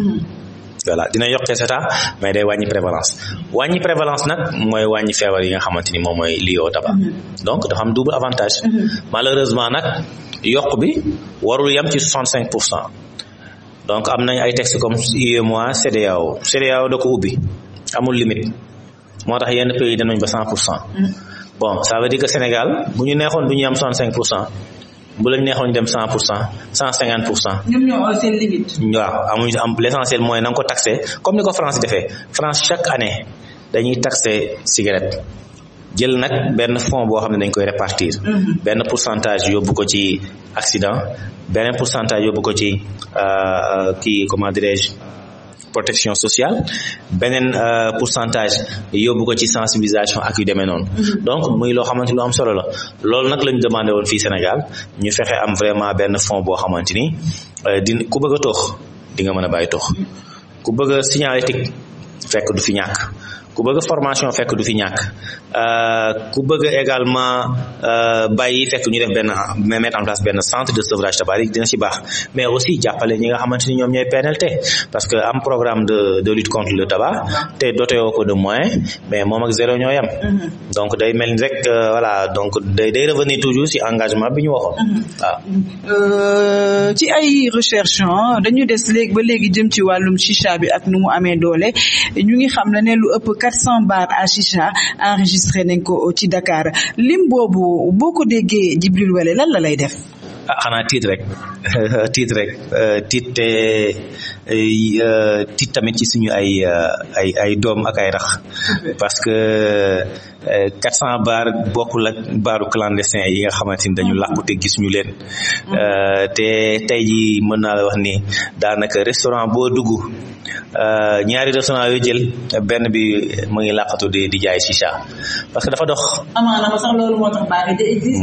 voilà dina yokkee seta mais day wàññi prévalence wàññi prévalence nag mooy wàññi feebar yi nga xamante ni moom mooy lié au tabac mm-hmm. donc dafa am double avantage mm-hmm. malheureusement nag yokk bi warul yam ci soixante cinq pour cent donc am nañ ay textes comme UEMOA CEDEAO CEDEAO da ko ubbi amul limite moo tax yenn pays danañ ba cent pour cent mm-hmm. bon ça que Sénégal bu ñu neexoon du ñuy am cinq pour cent bu la neexoon dem cent pour cent cent cinquante pour cent. waaw amuñu am l' mooy na nga ko taxé comme ni ko France defee France chaque année dañuy taxé cigarette jël nag benn fonds boo xam ne dañ koy répartir. benn pour centage yóbbu ko ci accident benn pourcentage yóbbu ko ci euh, euh, kii comment dirais-je protection sociale beneen euh, pourcentage yóbbu ko ci sensibilisation ak yu demee noonu mm-hmm. donc muy loo xamante lu am solo la loolu nag lañu demandé woon fii Sénégal ñu fexe am vraiment benn fonds boo xamante ni euh, di ku bëgg a toox di nga mën a bàyyi toox mm-hmm. ku bëgg a signaler fekk du fi ñàkk ku bëgg formation fekk du fi ñàkk euh, ku bëgg également euh, bàyyi fekk ñu def benn mettre en place benn centre de sevrage tabac dina ci baax mais aussi jàppale ñi xamante ni ñoom ñooy PNLT parce que am programme de de lutte contre le te dotewoo ko de moyens mais moom ak ñoo yem mm-hmm. donc day mel ni rek euh, voilà donc day day revenir toujours ci engagement bi ñu waxoon mm-hmm. waaw. ci ay recherche dañu des léegi ba léegi ci wàllum chicha bi ak nu ngi xam ne lu ëpp 400 bar a chicha enregistré nañ ko ci Dakar lim boobu boo ko déggee Djibril Welle lan la lay def. ah xanaa tiit rek tiit rek euh, tiit te euh, tiit tamit ci suñu ay euh, ay ay doom parce que. Euh, quatre cent baar bokkul ak baaru clandestin yi nga xamante ni dañu làkku te gis ñu leen mm-hmm. euh, te tey ji mën naa la wax ni daanaka restaurant boo dugg euh, ñaari restaurant yoo jël benn bi mu ngi làqatu di di jaay chicha parce que dafa dox.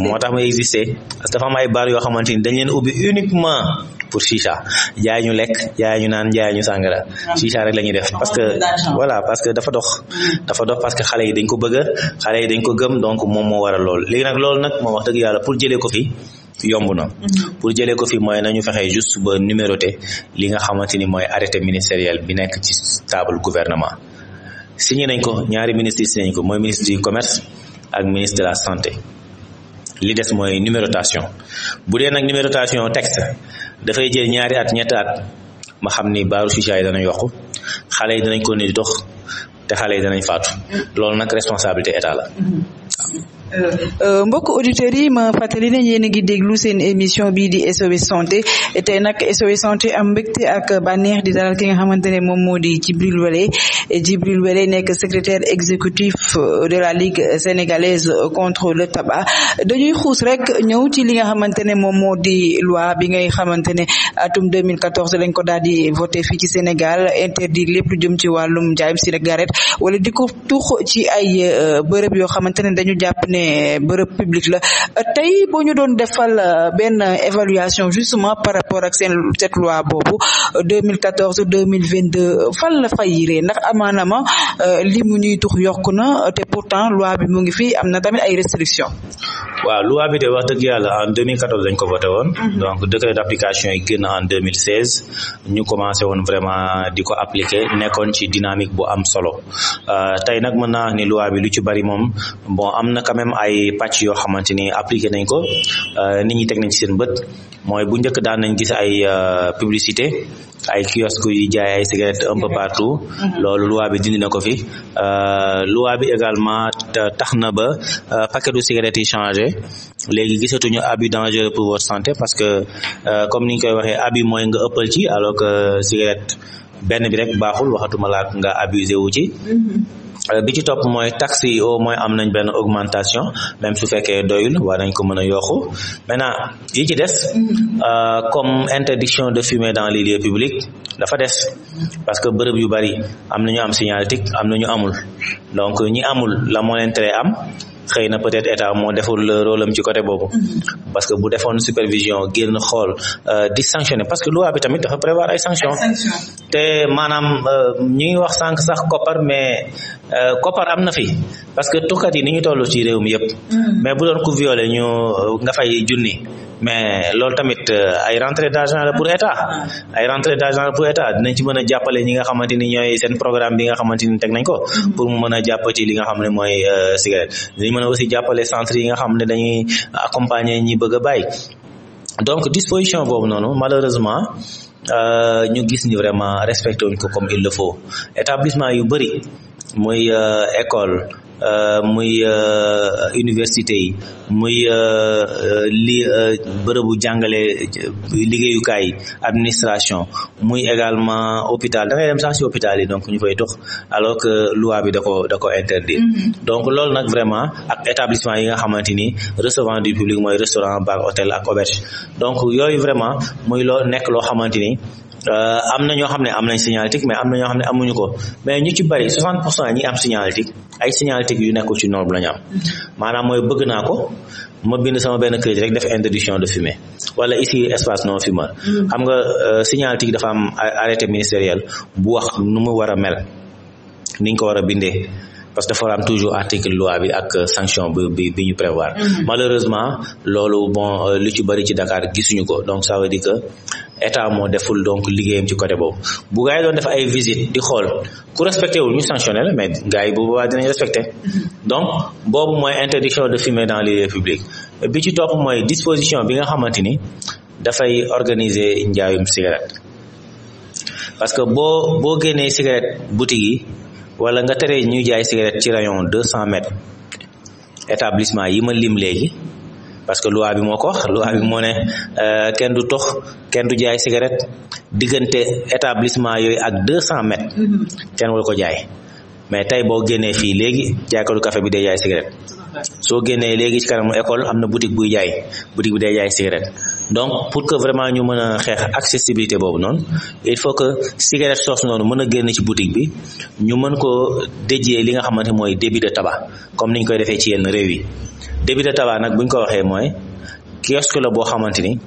moo tax ma exister parce dafa am ay baar yoo xamante ni dañ leen ubbi uniquement. pour chicha jaay ñu lekk jaay ñu naan jaay ñu sàngara ah. chicha rek la ñuy def parce que voilà parce que dafa dox mm. dafa dox parce que xale yi dañ ko bëgg xale yi dañ ko gëm donc moom moo waral loolu léegi nag loolu nag moo wax dëgg yàlla pour jëlee ko fi yomb na mm-hmm. pour jëlee ko fi mooy nañu fexe juste ba numéroté li nga xamante ni mooy arrêté ministériel bi nekk ci table gouvernement signé nañ ko ñaari ministre yi nañ ko mooy ministre du commerce ak ministre la santé li des mooy numérotation bu dee nag numérotation texte dafay jël ñaari at ñett at ma xam ni baaru ficha yi dana yokk xale yi danañ ko ne dox te xale yi danañ faatu loolu nag responsabilité état la mm-hmm. Euh, euh, mbokk auditeurs yi ma fàttali ne yéen a ngi déglu seen émission bii di SOS santé tey nag SOS santé am mbégte ak bànneex di dalal ki nga xamante ne moom moo di Djibril Welle Djibril Welle nekk secrétaire exécutif euh, de la Ligue sénégalaise contre le tabac dañuy xuus rek ñëw ci li nga xamante ne moom moo di loi bi ngay xamante ne atum 2014 lañ ko daal di voté fii ci Sénégal interdit lépp lu jëm ci wàllum njaayum cigarette wala di ko tux ci ay bërëb yoo xamante ne dañu ne bërëb public la tey boo ñu doon defal euh, benn évaluation justement par rapport ak seen cette loi boobu 2014 euh, 2022 fan la fayiree ndax amaanama euh, li mu ñuy tux yokk na te pourtant loi bi mu ngi fi am na tamit ay restrictions. waaw loi bi de wax dëgg yàlla en 2014 dañ ko voté woon. Mhm. donc décret d'application yi génn en 2016 ñu commencé woon vraiment di ko appliquer nekkoon ci dynamique bu am solo tey nag mën naa wax ni loi bi lu ci bari moom bon am na quand même ay pàcc yoo xamante ni appliqué nañ ko euh, nit ñi teg nañ ci seen bët mooy bu njëkk daan nañ gis ay euh, publicité ay kiosque yi jaay ay cigarette un peu partout mm-hmm. loolu loi bi dindi na ko fi euh, loi bi également tax na ba paquet du cigarette yi changé léegi gisatuñu abus dangereux pour votre santé parce que comme ni ñu koy waxee abi mooy nga ëppal ci alors que cigarette benn bi rek baaxul waxatuma laak nga abusé wu ci mm-hmm. Euh, bi ci topp mooy taxes yi au moins am nañ benn augmentation même su fekkee doyul war nañ ko mën a yokku maintenant yi ci des mm-hmm. euh, comme interdiction de fumer dans les lieux publics dafa des parce que bërëb yu bari am na ñu am signalétique am na ñu amul donc ñi amul la moo leen am xëy na peut-être état moo deful rôle am ci côté boobu mm-hmm. parce que bu defoon supervision génn xool euh, di sanctionner parce que loi bi tamit dafa prévoir ay sanctions te maanaam ñu ngi wax sànq sax koppar mais Euh, koppar am na fi parce que tukkat yi ni ñu toll ci réew mi yëpp mm. mais bu doon ku violé ñu euh, nga fay junni mais loolu tamit euh, ay rentrée d'argent la pour état ah. ay rentrée d'argent la pour état dinañ ci mën a jàppale ñi nga xamante ni ñooy seen programme bi nga xamante ni teg nañ ko mm. pour mu mën a jàpp ci li nga xam ne mooy cigarette dinañ mën a aussi jàppale centre yi nga xam ne dañuy accompagner ñi bëgg a bàyyi donc disposition boobu noonu malheureusement ñu gis ni vraiment respecté wuñ ko comme il le faut établissement yu bëri muy euh, école euh, muy euh, université yi muy li bërëbu jàngale liggéeyukaay administration muy également hôpital da ngay dem sax yi donc ñu fay dox alors que loi bi da ko da ko interdire mm-hmm. donc loolu nag vraiment ak établissement yi nga xamante ni recevant du public mooy restaurant bar hôtel ak auberge donc yooyu vraiment muy loo nekk loo xamante ni Euh, am na ñoo xam ne am nañ signalétique mais am na ñoo xam ne amuñu ko mais ñu ci bari 60 pour cent ñi am signalétique ay signalétique yu nekkul ci norme la ñu am mm-hmm. maanaam mooy bëgg naa ko ma bind sama benn crédit rek dafa interdiction de fumer wala ici espace non fumeur mm-hmm. xam nga euh, signalétique dafa am arrêté ministériel bu wax nu mu war a mel niñ ko war a bindee parce que dafa am toujours article loi bi ak euh, sanction bi bi bi ñu prévoir. Mm-hmm. malheureusement loolu bon euh, lu ci bëri ci Dakar gisuñu ko donc ça veut dire que état moo deful donc liggéeyam ci côté boobu bu gars yi doon def ay visite di xool ku respecté wul ñu sanctionné mais gars yi bu boobaa dinañ respecté mm-hmm. donc boobu mooy interdiction de fumer dans les lieux bi ci topp mooy disposition bi nga xamante ni dafay organiser njaayum cigarette parce que boo boo génnee cigarette boutique yi. wala nga tere ñuy jaay cigarette ci rayon deux cent mètres établissement yi ma lim léegi parce que loi bi moo ko wax loi bi moo ne euh, kenn du tox kenn du jaay cigarette diggante établissement yooyu ak deux cent mètres mm-hmm. kenn wala ko jaay mais tey boo génnee fii léegi jaaykatu kafe bi day jaay cigarette soo génnee léegi ci kanamu école am na boutique buy jaay boutique bi day jaay cigarette donc pour que vraiment ñu mën a xeex accessibilité boobu noonu il faut que cigarette soos noonu mën a génn ci boutique bi ñu mën ko déjee li nga xamante mooy débit de tabac comme ni ñu koy defee ci yenn réew yi débit de tabac nag buñ ñu ko waxee mooy kiosque la boo xamante ni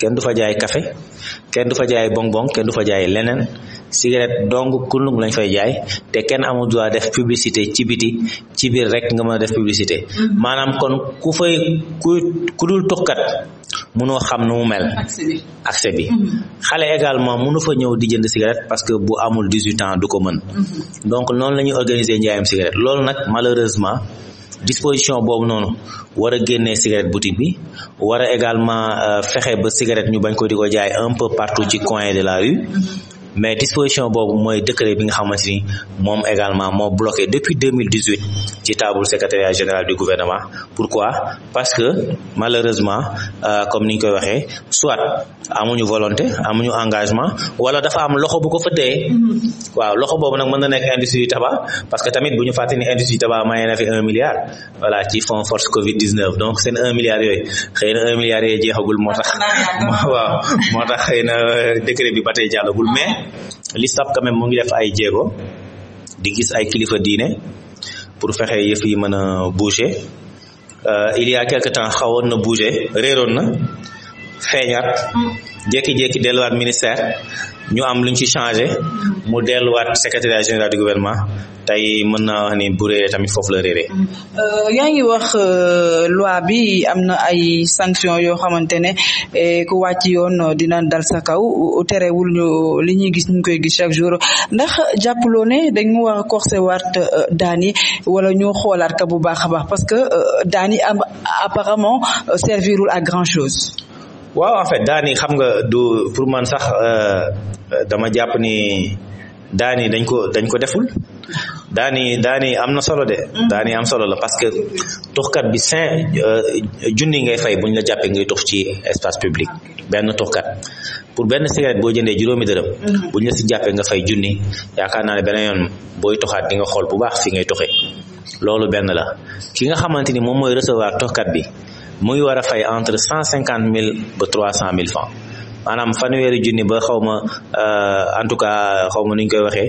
kenn du fa jaay kafe kenn du fa jaay bonbon kenn du fa jaay leneen cigarette dong kulung lañ fay jaay te kenn amul droit def publicité ci biti ci biir rek nga mën def publicité mm-hmm. maanaam kon ku fay ku ku dul tukkat mënoo xam nu mu mel accès bi mm-hmm. xale également mënu fa ñëw di jënd cigarette parce que bu amul 18 du ko mën mm-hmm. donc noonu la ñuy organiser njaayam cigarette loolu nag malheureusement disposition boobu noonu war a génnee cigarette boutique bi war a également euh, fexe ba cigarette ñu bañ ko di ko jaay un peu partout ci coin de la rue mais disposition boobu mooy décret bi nga xamante ni moom également moo bloqué depuis 2018 ci table secrétariat général du gouvernement pourquoi parce que malheureusement euh, comme ni ñu koy waxee soit amuñu volonté amuñu engagement wala dafa am loxo bu ko fa téye mm-hmm. waaw loxo boobu nag mën na nekk industrie tabac parce que tamit bu ñu fàtte ni industrie tabac maye na fi un milliard voilà ci fonds force Covid 19 donc seen un milliard yooyu xëy na un milliard moo tax waaw moo tax xëy na euh, décret bi ba tey jàllagul mais l'ISTAP quand même mu ngi def ay jéego di gis ay kilifa diine pour fexe yëf yi mën a bouger euh, il y quelque temps xawoon na bouger réeroon na feeñaat mm. jékki-jékki delluwaat ministère ñu am luñ ci changé mu delluwaat secrétariat général du gouvernement tey mën naa wax ni bu tamit foofu la réeré. Euh, yaa ngi wax euh, loi bi am na ay sanctions yoo xamante ne eh, ku wàcc yoon dina dal sa kaw terewul ñu li ñuy gis ñu koy gis chaque jour ndax jàppaloo ne dañu war a corsé waat euh, daan wala ñoo xoolaat ka bu baax a baax parce que daani yi apparemment servirul à grand chose. waaw en fait daani xam nga du pour man sax euh, euh, dama jàpp ni daani dañ ko dañ ko deful daani daani am na solo de mm. daani am solo la parce que tuxkat bi cinq euh, junni ngay fay buñ la jàppee ngay tux ci espace public benn tuxkat pour benn cigarette boo jëndee juróomi dërëm mm. buñ la si jàppee nga fay junni yaakaar naa ne beneen yoon booy tuxaat di nga xool bu baax fi ngay tuxee loolu benn la ki nga xamante ni moom mooy resevoir tuxkat bi mu ngi war a fay entre cent cinquante mille ba trois cent mille francs maanaam fanweeri junni ba xaw ma euh, en tout cas xaw ma nu ñu koy waxee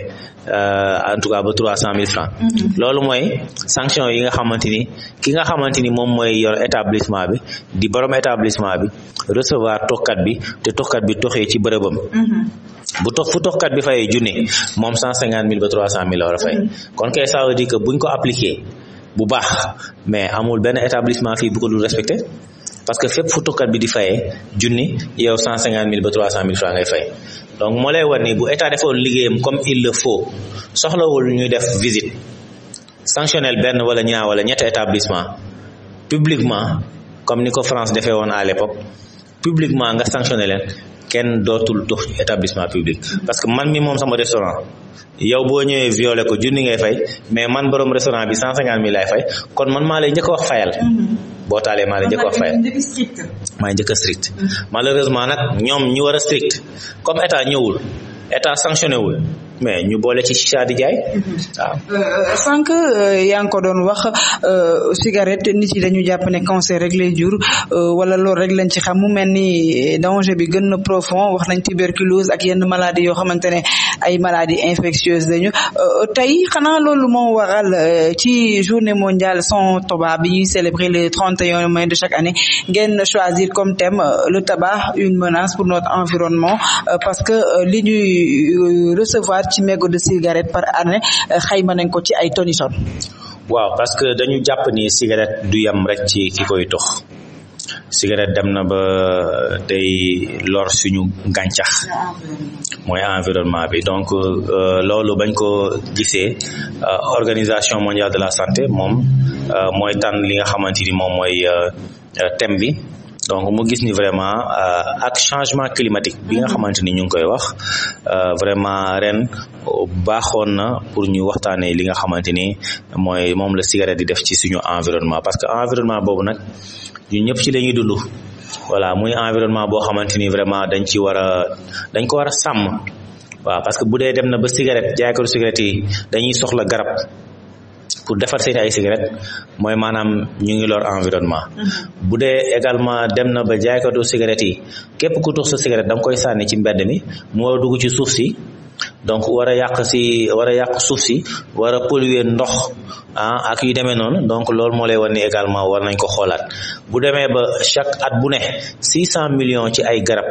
euh, en tout cas ba trois cent mille francs mm-hmm. loolu mooy sanction yi nga xamante ni ki nga xamante ni moom mooy yor établissement bi di borom établissement bi recevoir toxkat bi te toxkat bi toxee ci bërëbam mm-hmm. bu tox fu toxkat bi fayee junni moom cent cinquante mille ba trois cent mille la war a fay mm-hmm. kon kay ça veut buñ ko appliqué bu baax mais amul benn établissement fii bu ko dul respecté parce que fépp fu tukkat bi di fayee junni yow cent cinquante mille ba trois cent mille francs ngay fay donc moo lay war ni bu état defoon liggéeyam comme il le faut soxlawul ñuy def visite sanctionnel benn wala ñaar wala ñetti établissement publiquement comme ni ko France defee woon à l'époque publiquement nga sanctionné leen kenn dootul tux établissement public parce que man mi moom sama restaurant yow boo ñëwee violé ko ni ngay fay mais man borom restaurant bi cent cinquante mille laay fay kon man maa lay njëkk a wax fayal mm-hmm. boo taalee maa lay njëkk a wax fayal maa njëkk a strict mm-hmm. malheureusement nag ñoom ñu war a strict comme état ñëwul état sanctionné wul mais ñu boole ci Chicha di jaay. waaw euh, sànq euh, yaa ngi ko doon wax euh, cigarette nit ñi dañu jàpp ne cancer rek lay jur wala lool rek lañ ci xam mu mel ni danger bi gën na profond wax nañ tuberculose ak yenn maladie yoo xamante ne ay maladies infectieuses lañu tey xanaa loolu moo waral ci journée mondiale sans tabac bi ñuy célébrer le 31 mai de chaque année ngeen choisir comme thème le tabac une menace pour notre environnement parce que li ñuy recevoir. ci mégot de cigarette par année euh, xayma nañ ko ci ay tonison waaw parce que dañu jàpp ni cigarette du yem rek ci ki koy tox cigarette dem na ba euh, day lor suñu gàncax mooy environnement bi donc euh, loolu bañ ko gisee organisation mondiale de la santé moom mooy tànn li nga xamante ni moom mooy thème bi donc mu gis ni vraiment euh, ak changement climatique bi nga mm-hmm. xamante ni ñu ngi koy wax euh, vraiment ren baaxoon na pour ñu waxtaanee li nga xamante ni mooy moom la cigarette di def ci suñu environnement parce que environnement boobu nag ñu ñëpp ci la ñuy dund voilà muy environnement boo xamante ni vraiment dañ ci war a dañ ko war a sàmm waaw parce que bu dee dem na ba cigarette jaay ko cigarette yi dañuy soxla garab pour defar seen ay cigarette mooy maanaam ñu ngi lor environnement mm-hmm. bu dee également dem na ba jaaykatu cigarette yi képp ku tux sa cigarette da koy sànni ci mbedd mi mu war dugg ci suuf si donc war a yàq si war a yàq suuf si war a polluer ndox ah ak yu demee noonu donc loolu moo lay wan ni également war nañ ko xoolaat bu demee ba chaque at bu ne six cent millions ci ay garab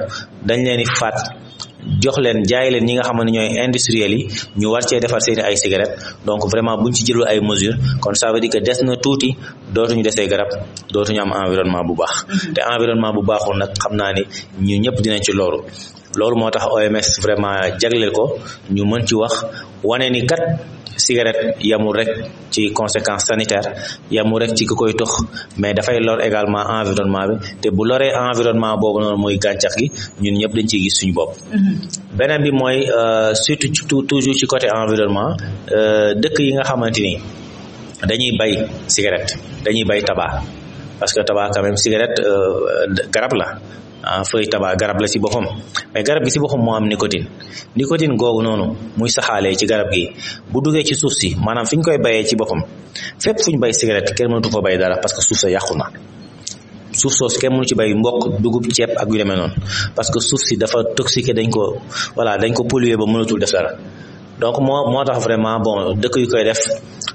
dañ leen di faat jox leen jaay leen ñi nga xam ne ñooy industriels yi ñu war cee defar seen ay cigarette donc vraiment bu ñu ci jëlul ay mesures kon ça veut dire que des na tuuti dootuñu desee garab dootuñu am environnement bu baax mm-hmm. te environnement bu baaxul nag xam naa ni ñu ñëpp dinañ ci loolu loolu moo tax OMS vraiment jagleel ko ñu mën ci wax wane ni kat cigarette yamul rek ci conséquence sanitaire yamul rek ci ki koy tox mais dafay lor également environnement bi te bu loree environnement boobu noonu mooy gàncax gi ñun ñëpp dañ ciy gis suñu bopp. Mhm. beneen bi mooy euh, surtout ci toujours ci côté environnement euh, dëkk yi nga xamante ni dañuy bay cigarette dañuy bay tabac parce que tabac quand même cigarette euh, garab la. Ah, feuille tabac garab la si boppam mais garab gi si boppam moo am nicotine nicotine googu noonu muy saxaale ci garab gi bu duggee ci suuf si maanaam fi ñu koy bayee ci boppam fépp fu ñu bay cigarette kenn mënatu fa bay dara parce que suuf sa yàqu na suuf soos kenn mënu ci bay mboq dugub ceeb ak yu demee noonu parce que suuf si dafa toxiqué dañ ko voilà dañ ko polluer ba mënatul def dara donc moo moo tax vraiment bon dëkk yu koy def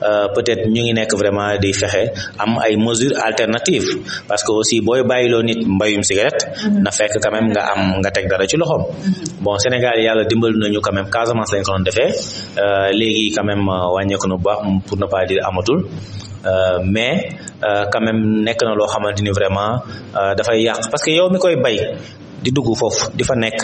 euh, peut-être ñu ngi nekk vraiment di fexe am ay mesures alternatives parce que aussi booy bàyyiloo nit mbayum cigarette mhm. na fekk quand nga am nga teg dara ci loxoom mhm. bon Sénégal yàlla dimbali nañu quand même Casamance lañ ko defee euh, léegi quand même euh, wàññeeku na bu baax pour ne pas dire amatul mais quand nekk na loo xamante ni vraiment dafay yàq parce que yow mi koy bay di dugg foofu di fa nekk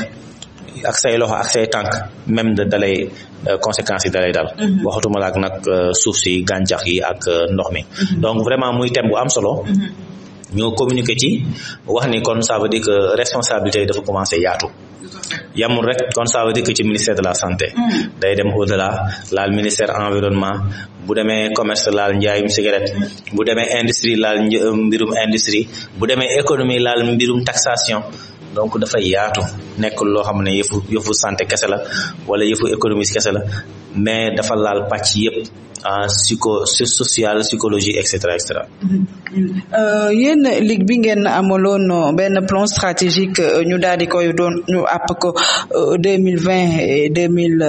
ak say loxo ak say tànk même de dalay euh, conséquences yi dalay dal mm-hmm. waxatuma la ak euh, suuf si gàncax yi ak euh, ndox mi mm-hmm. donc vraiment muy thème bu am solo mm-hmm. ñoo communiqué ci wax ni kon ça veut dire que responsabilité yi dafa commencé yaatu yamul rek kon ça veut dire que ci ministère de la santé day dem au delà laal ministère environnement bu demee commerce laal njaayum cigarette bu demee industrie laal mbirum industrie bu demee économie laal mbirum taxation donc dafay yaatu nekk loo xam ne yëfu yëfu santé kese la wala yëfu économiste kese la mais dafa laal pàcc yëpp en psycho social psychologie et cetera et cetera. Euh, yéen ligue bi ngeen amaloon benn plan stratégique euh, ñu daal di koy doon ñu àpp ko euh, deux mille vingt et deux mille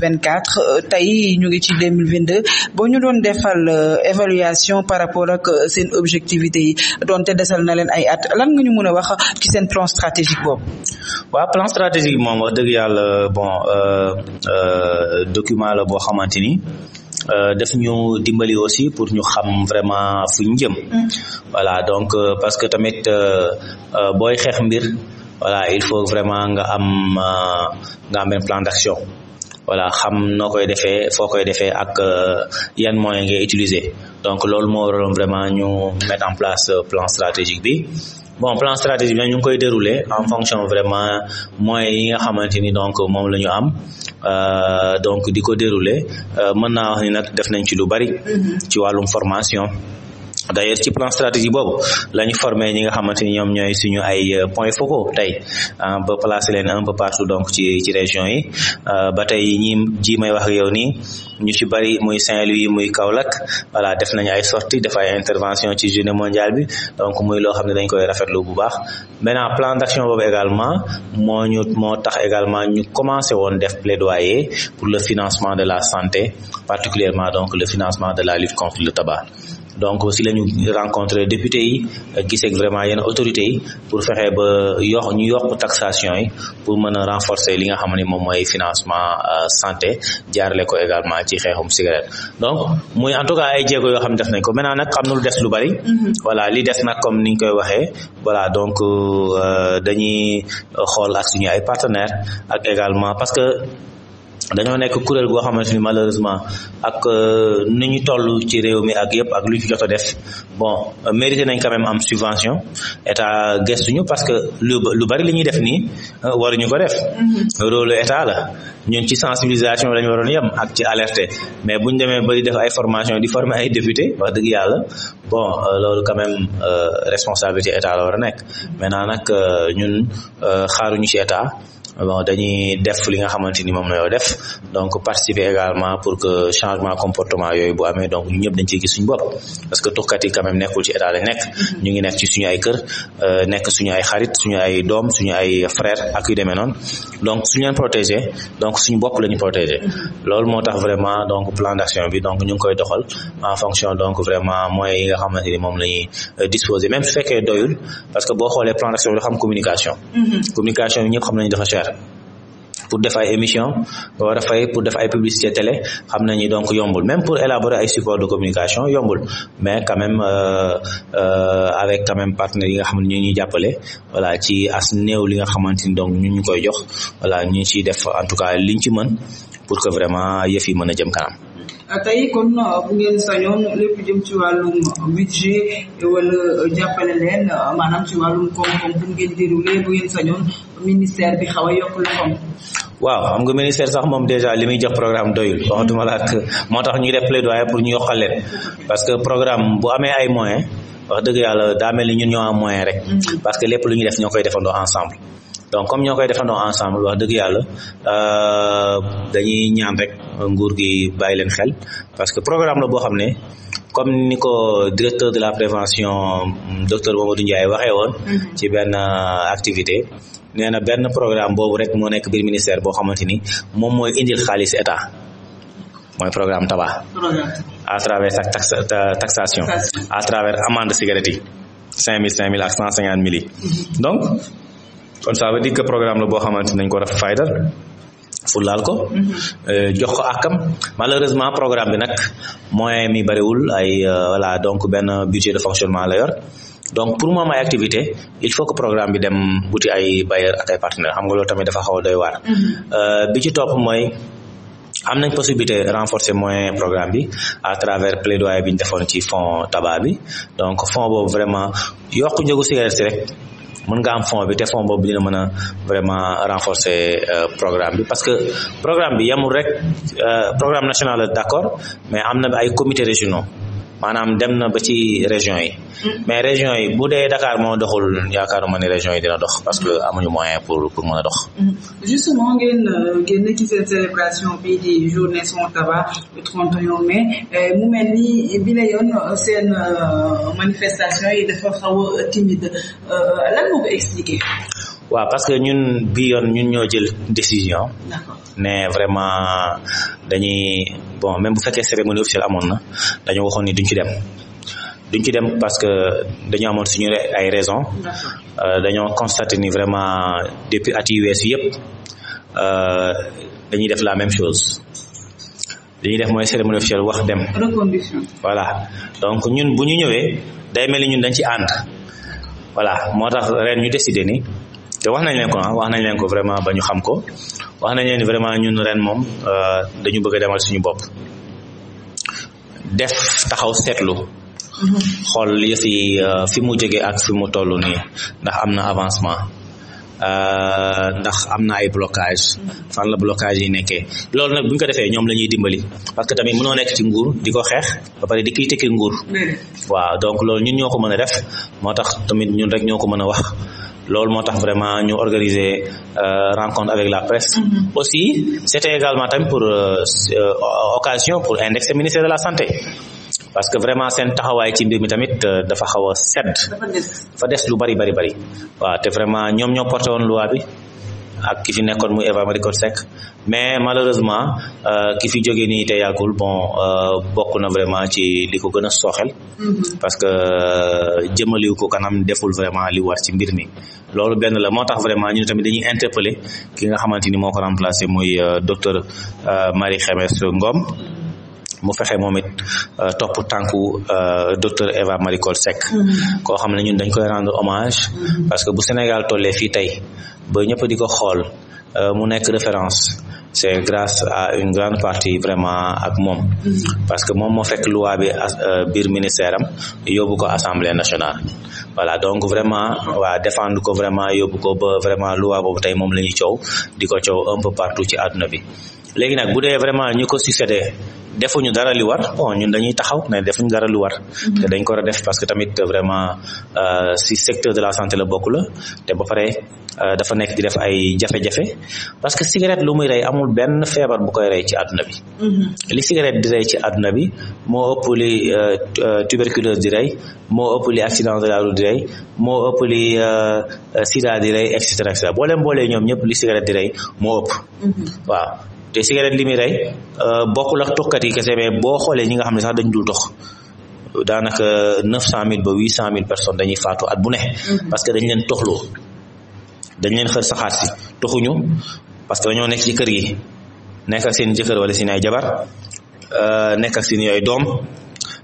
vingt quatre tey ñu ngi ci deux mille vingt deux boo ñu doon defal évaluation par rapport ak seen objectivité yi doonte desal na leen ay at lan nga ñu mën a wax ki seen plan stratégique boobu. waa plan stratégique moom wax dëgg yàlla bon document la boo xamante ni. Euh, def ñu dimbali aussi pour ñu xam vraiment fu ñu jëm mm. voilà donc euh, parce que tamit euh, booy xeex mbir voilà il faut vraiment nga am nga am benn plan d'action voilà xam noo koy defee foo koy defee ak yan moyen ngay utiliser donc loolu moo waroon vraiment ñu mettre en place plan stratégique bi bon plan stratégique bi ñu ngi koy dérouler en fonction vraiment moyens yi nga xamante ni donc moom la ñu am euh, donc di ko dérouler euh, mën naa wax ni nag def nañ ci lu bari mhm. ci wàllum formation d'ailleurs ci plan stratégie boobu la ñu ñi nga xamante ni ñoom ñooy suñu ay euh, point focaux tey ba placé leen un peu partout donc ci ci région yi euh, ba tey ñi ji may wax yow nii ñu ci bari muy Saint-Louis muy Kaolack voilà def nañu ay sorties def ay intervention ci journée mondiale bi donc muy loo xam ne dañ koy rafetlu bu baax maintenant plan d'action boobu également moo ñu moo tax également ñu commencé woon def plaidoyer pour le financement de la santé particulièrement donc le financement de la lutte contre le donc si la ñu rencontré député yi giseeg vraiment yenn autorité yi pour fexe ba yokk ñu yokk taxation yi pour mën a renforcer li nga xam ne moom mooy financement euh, santé jaarale ko également ci xeexum cigarette donc muy en tout cas ay jéego yoo xam ne def nañ ko maintenant nag xam na lu des lu bari mm-hmm. voilà li des nag comme niñ koy waxee voilà donc euh, dañuy xool ak suñu ay partenaires ak également parce dañoo nekk kuréel goo xamante ni malheureusement ak euh, ni ñu toll ci réew mi ak yëpp ak lu ñu jot a def bon mérité nañ quand am subvention état gëstuñu parce que lu lu bari li ñuy def nii euh, waruñu ko def. Mm-hmm. rôle état la ñun ci sensibilisation lañ waroon yam ak ci alerter mais bu ñu demee ba di def ay formation di former ay député wax dëgg yàlla bon euh, loolu quand même responsabilité état la war a nekk maintenant nag ñun xaaruñu ci état. bon dañuy def li nga xamante ni moom la yoo def donc participer également pour que changement comportement yooyu bu amee donc ñu ñëpp dañ ciy gis suñu bopp parce que tuxkat yi quand même nekkul nekk mm-hmm. ñu ngi euh, xarit suñu ay doom suñu ay frère ak yu demee noonu donc suñu leen protéger donc suñu bopp la ñu mm-hmm. loolu moo tax vraiment donc plan d'action bi donc ñu ngi koy doxal en fonction donc vraiment moyens yi nga xamante ni moom la ñuy euh, disposer même su fekkee doyul parce que boo xoolee plan d'action bi dafa communication mm-hmm. communication nañu dafa cher pour def ay émission nga war a fay pour def ay publicité télé xam na ñi donc yombul même pour élaborer ay support de communication yombul mais quand même euh, euh, avec quand même partenaires yi nga xam ne ñu ñuy jàppale voilà ci as néew li nga xamante ni donc ñu ñu koy jox voilà ñu ngi ciy def en tout cas liñ ci mën pour que vraiment yëf mën a jëm kanam. Ah, tey kon euh, bu ngeen sañoon lépp jëm ci wàllum budget wala jàppale leen euh, maanaam ci wàllum koom-koom bu ngeen déroulé bu ngeen ministère a yokk loxoom. waaw xam nga ministère sax moom déjà li muy jox programme doyul waxatuma la ak moo tax ñuy le plaidoyer pour ñu yokkal leen parce que programme bu amee ay moyens wax dëgg yàlla daa mel ni ñun ñoo moyen rek. Mm-hmm. parce que lépp lu ñuy def ñoo koy defandoo ensemble. donc comme ñoo koy defandoo ensemble wax dëgg yàlla euh, dañuy ñaan rek nguur gi bàyyi leen xel parce que programme la boo xam ne comme ni ko directeur de la prévention docteur Mamadou Ndiaye waxee woon. Mm-hmm. ci benn euh, activité. nee na benn programme boobu rek moo nekk biir ministère boo xamante ni moom mooy indil xaalis état mooy programme tabac à travers tax taxation à travers amende cigarette yi cinq mille cinq mille ak cent cinquante mhm. donc kon ça veut dire que programme la boo xamante nañ ko def fayda fulaal ko mhm. euh, jox ko àkkam malheureusement programme bi nag moyen mi bariwul ay euh, voilà donc benn budget de fonctionnement la yor donc pour mu am ay activité il faut que programme bi dem wuti ay bailleurs ak ay partenaires xam nga loolu tamit dafa xaw a doy waar mm-hmm. euh, bi ci topp mooy am nañ possibilité renforcer moyen programme bi à travers plaidoyer bi ñu defoon ci fonds tabac bi donc fonds boobu vraiment yokk njëgu cigarette si rek mën nga am fond bi te fond boobu dina mën a vraiment renforcer euh, programme bi parce que programme bi yemul rek euh, programme national d'accord mais am na ay comités régionaux maanaam dem na ba ci région yi mm. mais région yi bu dee Dakar moo doxul yaakaaruma ni région yi dina dox parce que amuñu moyen pour pour mën a dox mm. justement ngeen euh, génn ci seen célébration bi di journée sans tabac le 31 mai euh, mu mel ni bi la yoon euh, seen yi dafa xaw a timide lan moo ko waaw parce que ñun bi yoon ñun ñoo jël décision ne vraiment dañuy bon même bu fekkee cérémonie officielle amoon na dañu waxoon ni duñ ci dem duñ ci dem parce que dañoo amoon suñu ay raisons euh, dañoo constaté ni vraiment depuis at yu weesu yëpp euh, dañuy def la même chose li ñuy def mooy cérémonie officielle wax dem voilà donc ñun bu ñu ñëwee day mel ni ñun dañ ci ànd voilà moo tax ren ñu décidé ni te wax nañ leen ko ah nañ leen ko vraiment ba ñu xam ko wax nañ leen vraiment ñun ren moom euh, dañu bëgg demal suñu bopp def taxaw seetlu mm-hmm. xool yëfi yi euh, fi mu jóge ak fi mu toll nii ndax am na avancement euh, ndax am na ay blocage mm-hmm. fan la blocage yi nekkee loolu nag bu ñu ko defee ñoom la ñuy dimbali parce que tamit mënoo nekk ci nguur di ko xeex ba kii di ki nguur mm-hmm. waaw donc loolu ñun ñoo ko mën a def moo tax tamit ñun rek ñoo ko mën a wax loolu moo tax vraiment ñu organiser euh, rencontre avec la presse mm-hmm. aussi c'était également tamit pour euh, euh, occasion pour indexer ministère de la santé parce que vraiment seen taxawaay ci mbir mi tamit dafa xaw a sedd dafa des lu bari bari bari waaw te vraiment ñoom ñoo porté woon loi bi ak ki fi nekkoon muy Eva Marie Coll Seck mais malheureusement euh, ki fi jógee nii te yàggul bon euh, bokk na vraiment ci li ko gën a sooxel mm-hmm. parce que euh, jëmaliw ko kanam deful vraiment li war ci mbir mi loolu benn la moo tax vraiment ñun tamit dañuy interpeller ki nga xamante ni moo ko remplacé muy docteur Marie Xemes ngoom mu fexe moom it topp tànku docteur Eva Marie Coll Seck mm-hmm. koo xam ne ñun dañ koy rend hommage mm-hmm. parce que bu Sénégal tollee fii tey ba ñëpp di ko xool euh, mu nekk référence c'est grace a une grande partie vraiment ak moom mm-hmm. parce que moom moo fekk loi bi a euh, biir ministère am yóbbu ko assemblée nationale voilà donc vraiment waa défendre ko vraiment yóbbu ko ba vraiment loi boobu tey moom la ñuy coow di ko coow un peu partout ci àdduna bi léegi bu dee vraiment ñu ko succédé defuñu dara li war bon ñun dañuy taxaw ne defuñu dara lu war mhm. te dañ ko def parce que tamit vraiment euh, si secteur de la santé la bokk la te ba pare euh, dafa nekk di def ay jafe-jafe parce que cigarette lu muy rey amul benn feebar bu koy rey ci àdduna bi mhm. li cigarette di rey ci àdduna bi moo ëpp li euh, tuberculose di rey moo ëpp li accident de la route di rey moo ëpp li sida di rey et cetera et cetera booleem boolee ñoom ñëpp li cigarette di rey moo ëpp mhm. waaw te cigarette li muy rey euh, bokkul ak tukkat yi kese mais boo xoolee ñi nga xam ne sax dañ dul tox daanaka neuf cent mille ba huit cent mille personnes dañuy faatu at bu ne mm-hmm. parce que dañ leen toxloo dañ leen xër saxaat si toxuñu parce que dañoo nekk ci kër gi nekk seen jëkkër wala seen ay jabar euh, nekk ak seen yooyu doom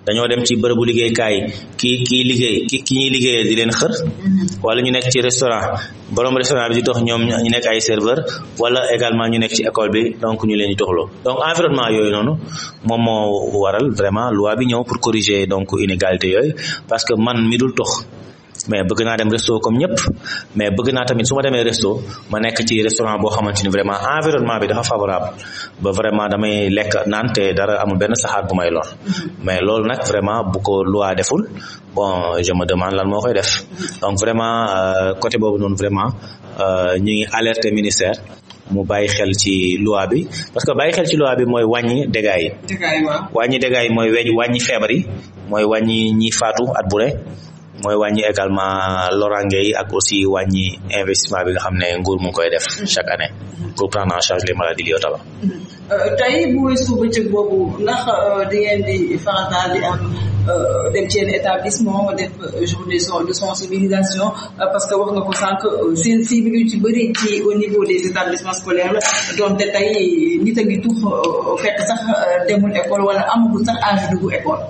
dañoo dem ci bërëbu liggéeykaay kii kii liggéey ki ki ñuy liggéeyee di leen xër mhm. wala ñu nekk ci restaurant borom restaurant bi di dox ñoom ñu nekk ay serveur wala également ñu nekk ci école bi donc ñu leen di doxloo donc environnement yooyu noonu moom moo waral vraiment loi bi ñëw pour corriger donc inégalité yooyu parce que man mi dul tox mais bëgg naa dem resto comme ñëpp mais bëgg naa tamit su ma demee ma nekk ci restaurant boo xamante ni vraiment environnement bi dafa favorable ba vraiment damay lekk naan dara amul benn saxaar bu may lor mais loolu nag vraiment bu ko loi deful bon je me demande lan moo koy def donc vraiment euh, côté boobu noonu vraiment euh, ñu ngi alerter ministère mu bàyyi xel ci loi bi parce que bàyyi xel ci loi bi mooy wàññi dégâts yi. dégâts wàññi dégâts yi mooy wàññi feebar yi mooy wàññi ñi faatu at bu ne mooy wàññi également lorange yi ak aussi wàññi investissement bi nga xam ne nguur mu koy def chaque année pour prendre en charge les maladies liées au tabac. Euh, tey bu boobu ndax euh, di ngeen di am euh, dem ci yenn établissement def journée de sensibilisation parce que wax nga ko sànq seen cible ci bëri ci au niveau des établissements scolaires la donte tey nit a ngi tux sax demul école wala amagul sax âge dugg école.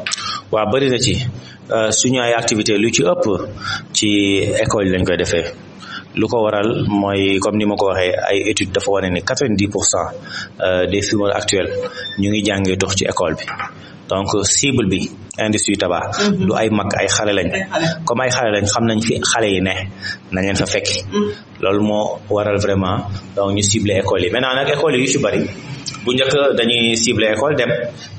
waaw bëri na ci. Euh, suñu ay activité lu ci ëpp ci école lañ koy defee lu ko waral mooy comme ni ma ko waxee ay étude dafa wane ni quatre-vingt-dix pour cent euh, des fumeurs actuels ñu ngi jàngee dox ci école bi donc cible bi industrie tabac lu mhm. ay mag ay xale lañ comme ay xale lañ xam nañ fi xale yi ne na leen fa fekk mhm. loolu moo waral vraiment donc ñu ciblé école yi maintenant nag école yi yu ci bari bu njëkk dañuy ciblé école dem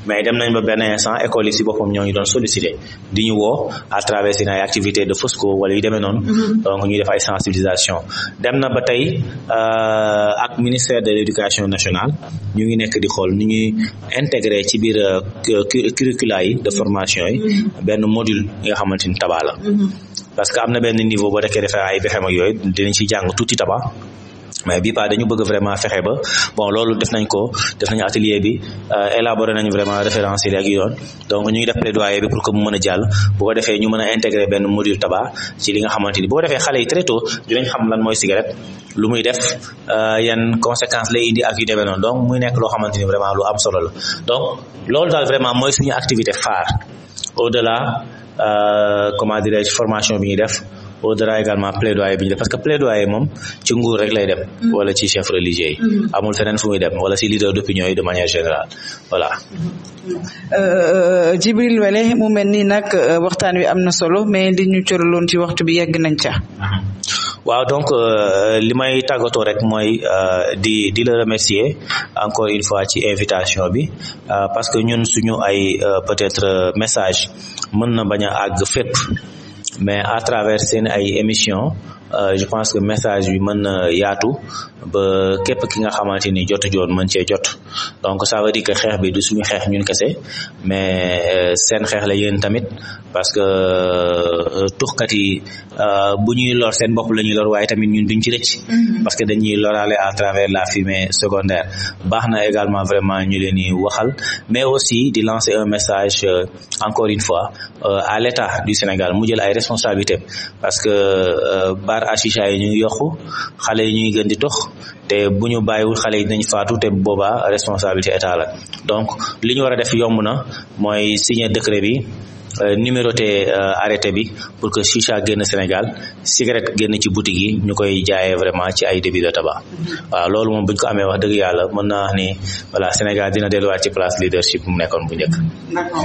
mais dem nañ ba benn instant école yi si boppam ñoo ñu doon sollicité di ñu woo à travers seen ay activités de Fosco wala yu demee noonu. Mm-hmm. donc ñuy def ay sensibilisation dem na ba tey euh, ak ministère de l' éducation nationale ñu ngi nekk di xool ñu ñuy intégré ci biir euh, curricula yi de formation yi mm-hmm. benn module nga xamante ni taba mm-hmm. parce que am na benn niveau ba rekk defee ay bexem ak yooyu dinañ ci jàng tuuti taba mais bi pa dañu bëgg vraiment fexe ba bon loolu defnañ ko def nañu atelier bi euh, élaboré nañ vraiment référence yi ak yoon donc ñu ngi def plaidoyer bi pour que mu mën a jàll boo defee ñu mën a intégré benn module tabac ci li nga xamante ni bu ko defee xale yi très tôt dinañ xam lan mooy cigarette lu muy def euh, yan conséquence lay indi ak yu demee noonu donc muy nekk loo xamante ni vraiment lu am solo la donc loolu daal vraiment mooy suñu activité phare au delà euh, comment dirais-je formation bi ñuy def au-delà également plaidoyer bi ñu def parce que plaidoyer moom ci nguur rek lay dem mm. wala ci chef religieux yi mm. amul feneen fu muy dem wala ci leader d'opinion yi de manière générale voilà euh, Djibril Wele mu mel nii nag euh, waxtaan wi am na solo mais di ñu coraloon ci waxtu bi yegg nañ ca waaw donc euh, li may tàggatoo rek mooy di di la remercier encore il fois ci invitation bi parce que ñun suñu ay peut-être message mën na bañ a àgg fép mais à travers seen ay émission Euh, je pense que message bi mën na yaatu ba képp ki nga xamante ni jotu joon mën cee jot donc ça veut dire que xeex bi du suñu xeex ñun kese mais euh, seen xeex la yéen tamit parce que euh, tuxkat yi bu ñuy lor seen bopp la ñuy lor waaye tamit ñun duñ ci rëcc mm-hmm. parce que dañuy loraale à travers la fumée secondaire baax na également vraiment ñu leen di waxal mais aussi di lancer un message encore une fois à l'État du Sénégal mu jël ay responsabilité parce que bar ashisha yi ñu ngi yokku xale yi ñu ngi gën di tox te bu ñu bàyyiwul xale yi dinañ faatu te boobaa responsabilité état la donc li ñu war a def yomb na mooy signer décret bi Euh, numéroté euh, arrêté bi pour que chicha génn Sénégal cigarette génn ci boutique yi ñu koy jaayee vraiment ci ay débit de tabac waaw loolu moom bu ñu ko amee wax dëgg yàlla mën naa wax ni voilà Sénégal dina delluwaat ci place leadership bu mu nekkoon bu njëkk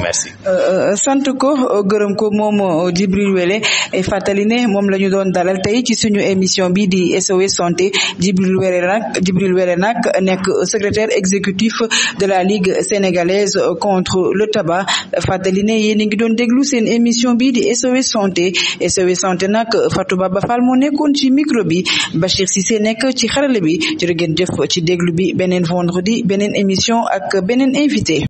merci euh, sant ko gërëm ko moom Djibril Wélé fàttali ne moom lañu doon dalal tey ci suñu émission bi di SOS santé Djibril Wélé nag Djibril Wélé nak nekk secrétaire exécutif de la Ligue sénégalaise contre le tabac fàttali ne a doon déglu seen émission bi di SOS santé so santé nag Fatou ba Fall moo nekkoon ci micro bi Bachir Cissé nekk ci xarale bi jërë ngeen jëf ci déglu bi beneen vendredi beneen émission ak beneen invité